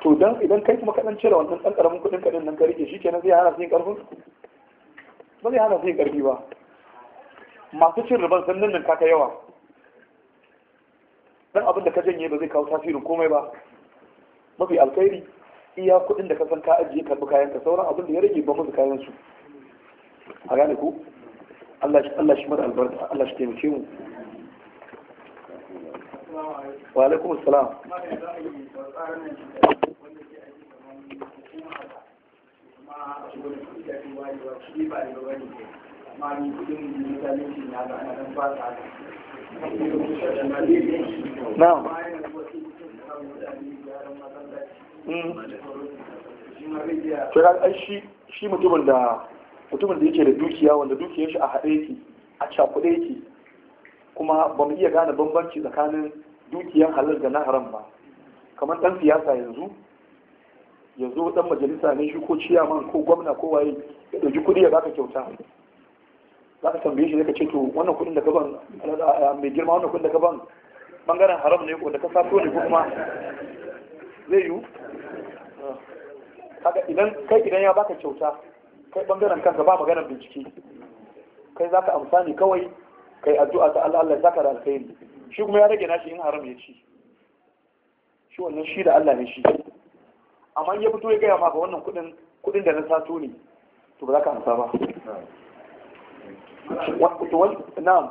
to dan idan kai kuma kaɗan cire wannan ɗan ƙaramin kuɗin kaɗin nan ka rike shi kenan zai hana su yin ƙarfin ba zai hana su yin ƙarfi ba masu cin riban sun nan ka yawa dan abin da ka janye ba zai kawo tasirin komai ba mafi alkhairi iya kuɗin da ka san ka ajiye karɓi kayan ka sauran abin da ya rage ba musu kayan su a gane ku Allah shi mara albarka Allah shi taimake mu wa alaikum assalam na'am to ai shi mutumin da mutumin da yake da dukiya wanda dukiyar shi a haɗe yake a cakuɗe yake kuma ba mu iya gane bambanci tsakanin dukiyar halal da na haram ba kamar ɗan siyasa yanzu yanzu ɗan majalisa ne shi ko ciyaman ko gwamna ko waye ya ɗauki kuɗi ya baka kyauta za ka tambaye shi ka ce to wannan kuɗin da a mai girma wannan kuɗin da ban bangaren haram ne ko da ka sato ne ko kuma zai yiwu kaga idan kai idan ya baka kyauta kai bangaren kanka ba maganar bincike kai za ka amsa ne kawai kai addu'a ta Allah Allah zaka da alkhairi shi kuma ya rage nashi in haram ya ci shi wannan shi da Allah ne shi amma ya fito ya gaya maka wannan kudin kudin da na sato ne to ba za ka amsa ba na'am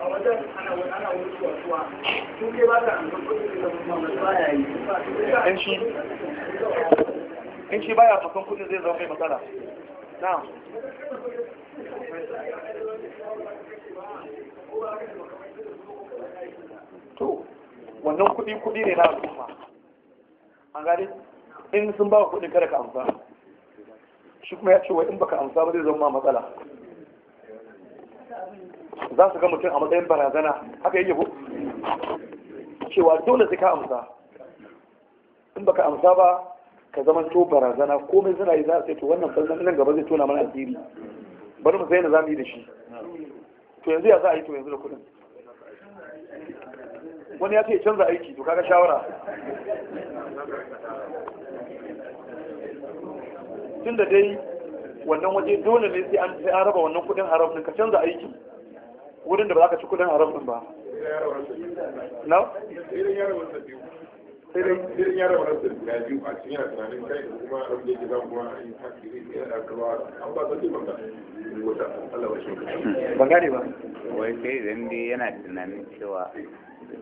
a wajen ana ana wucewa suwa su ke ba ta amfani da kuma ba ya yi in shi in shi baya fakan kudin zai zama mai matsala na'am to wannan kudi kudi ne na al'umma an gane in sun ba kudin kada ka amsa shi kuma ya ce wai in baka amsa ba zai zama matsala za su ga mutum a matsayin barazana haka yake ko cewa dole sai ka amsa in baka amsa ba ka zama to barazana komai suna yi za a sai to wannan fannin nan gaba zai tona mana asiri bari mu sai na zamu yi da shi to yanzu ya za a yi to yanzu da kuɗin wani ya ce canza aiki to kaga shawara tun da dai wannan waje dole ne sai an raba wannan kuɗin haram ka canza aiki wurin da ba za ka ci kudin haram din ba na sai dai irin yara wannan da na biyu a cikin yana tunanin kai da kuma abin da ke zan kuma a yi hakiri da karuwa an ba sauki ban wata Allah ba shi ban gane ba wai sai idan dai yana tunanin cewa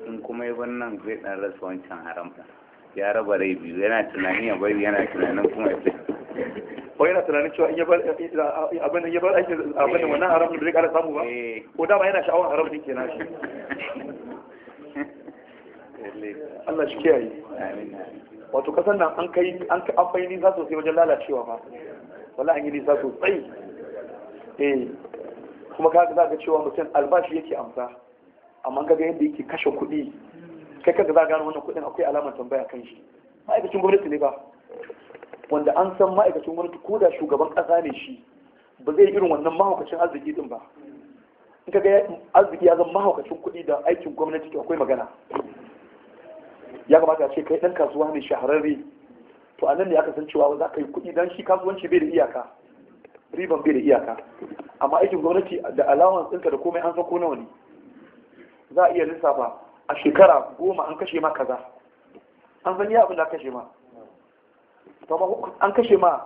in kuma yi wannan zai dan rasa wancan haramta ya raba rai biyu yana tunanin ya bari yana tunanin kuma ya wai yana tunanin cewa in ya bar eh, abin da ya bar aikin abin da wannan haram da bai kara samu ba eh. ko dama yana sha'awar haram din kenan shi Allah shi kiyaye wato kasan nan an kai an ka afai nisa sosai wajen lalacewa ba wala an yi ni za sosai eh kuma kaga za ka cewa mutum albashi yake amsa amma kaga yadda yake kashe kuɗi kai kaga za ka gano wannan kuɗin akwai alamar tambaya kan shi ma'aikacin gwamnati ne ba wanda an san ma'aikacin gwamnati ko da shugaban ƙasa ne shi ba zai irin wannan mahaukacin arziki din ba in ka ga arziki ya zama mahaukacin kuɗi da aikin gwamnati to akwai magana ya kamata a ce kai ɗan kasuwa ne shahararre to a nan ne aka san cewa za ka yi kuɗi dan shi kasuwanci bai da iyaka riban bai da iyaka amma aikin gwamnati da alawan ɗinka da komai an san ko nawa ne za a iya lissafa a shekara goma an kashe ma kaza an san iya abin da kashe ma to an kashe ma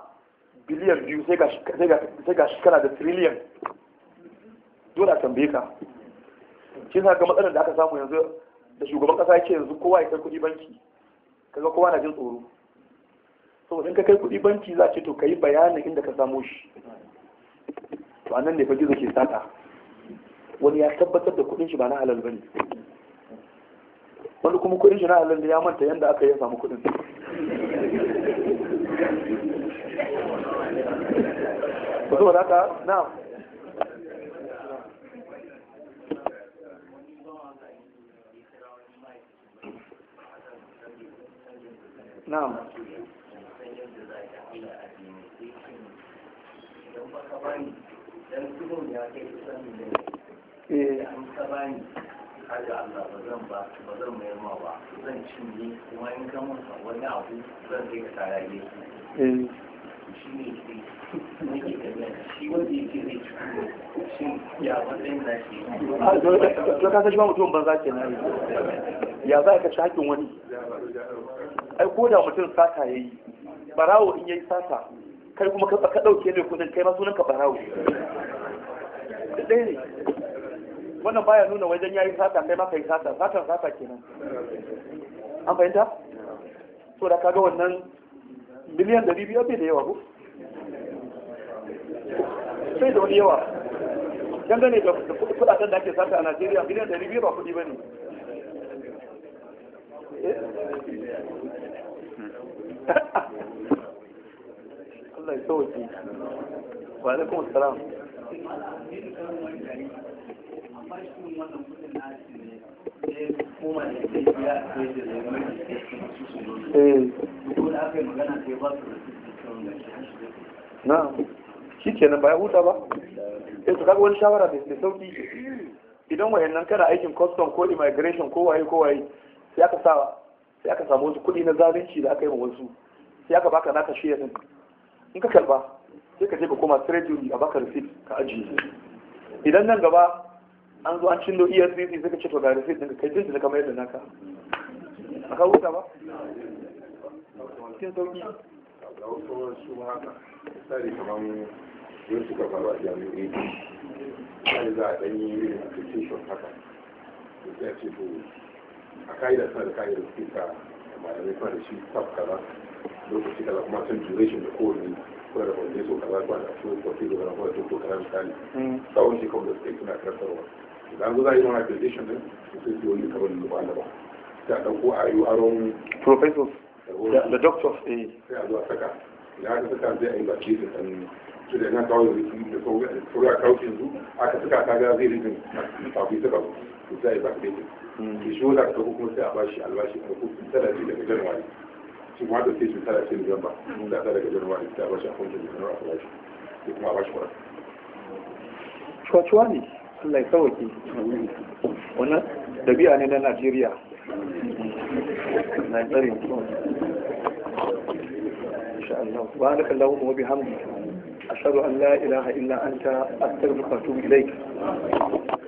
biliyan biyu sai ga shekara da triliyan dole a tambaye ka shi sa ga matsalar da aka samu yanzu da shugaban kasa yake yanzu kowa ya kai kudi banki kaga kowa na jin tsoro saboda in ka kai kudi banki za ce to ka yi bayanin inda ka samo shi to anan ne fa zake ke sata wani ya tabbatar da kuɗin shi ba na halal bane wani kuma kuɗin shi na halal ya manta yanda aka yi samu kuɗin ku zuwa haka na na'am eh har Allah ba zan ba ba zan mayar ma ba zan cinye kuma in ka wani abu zan kai ka eh. shi ne nake shi wanda yake zai shi ya matsayin na shi to ah, ka san shi ba mutum banza kenan ya za ka ci wani ai ko da mutum sata yayi barawo in yayi sata kai kuma ka ɗauke ne kudin kai ma sunan ka barawo ɗaya wannan baya nuna wajen yayi sata kai maka kai sata sata sata kenan an fahimta to da kaga wannan miliyan ɗari biyu bai da yawa ko sai da wani yawa dangane da kudaden da ake sata a Najeriya miliyan dari biyar ba kudi ba ne eh? Allah ya sauke. Wa alaikum assalam. farkin wannan kudin na ne da ya koma da ya yi ya ce da ya mai da ya ce su su da aka yi magana sai ba su da su da na shi kenan ba ya huta ba E, to kaga wani shawara mai sauki idan wayannan kana aikin custom ko immigration ko waye ko waye sai aka sa sai aka samu wasu kuɗi na zalunci da aka yi wa wasu sai aka baka naka shi din in ka kalba sai ka je ka koma treasury a baka receipt ka ajiye idan nan gaba an zo an cillo efcc suka ce to ga receipt ɗin kai jinsu da kamar yadda naka a kawo ta ba cikin sauki da wasu haka kamar yin suka faru a jami'ai misali za a ɗan yi application haka da ya ce to a ka'idar sa da ka'idar fara shi kaza lokaci kaza kuma san duration da kowane kuma da so kaza a cikin da so kaza misali tsawon shekaru da suka yi suna karfarwa da an za a yi wani application din sai su wani kamar da ba ba sai ɗauko a yi aron professors da doctors eh sai a saka da aka saka zai a yi da su da yana kawo da sauri a kawo aka saka ta ga zai rikin saka su hmm. shi wanda kuma sai a bashi albashi a hmm. tara daga januwari shi kuma da sai tara ba da daga januwari sai a bashi a kuma a bashi ne. Allah ya wannan dabi'a ne na Najeriya na tsare insha Allah subhanaka Allahumma wa bihamdika ashhadu an la ilaha illa anta astaghfiruka wa atubu ilaik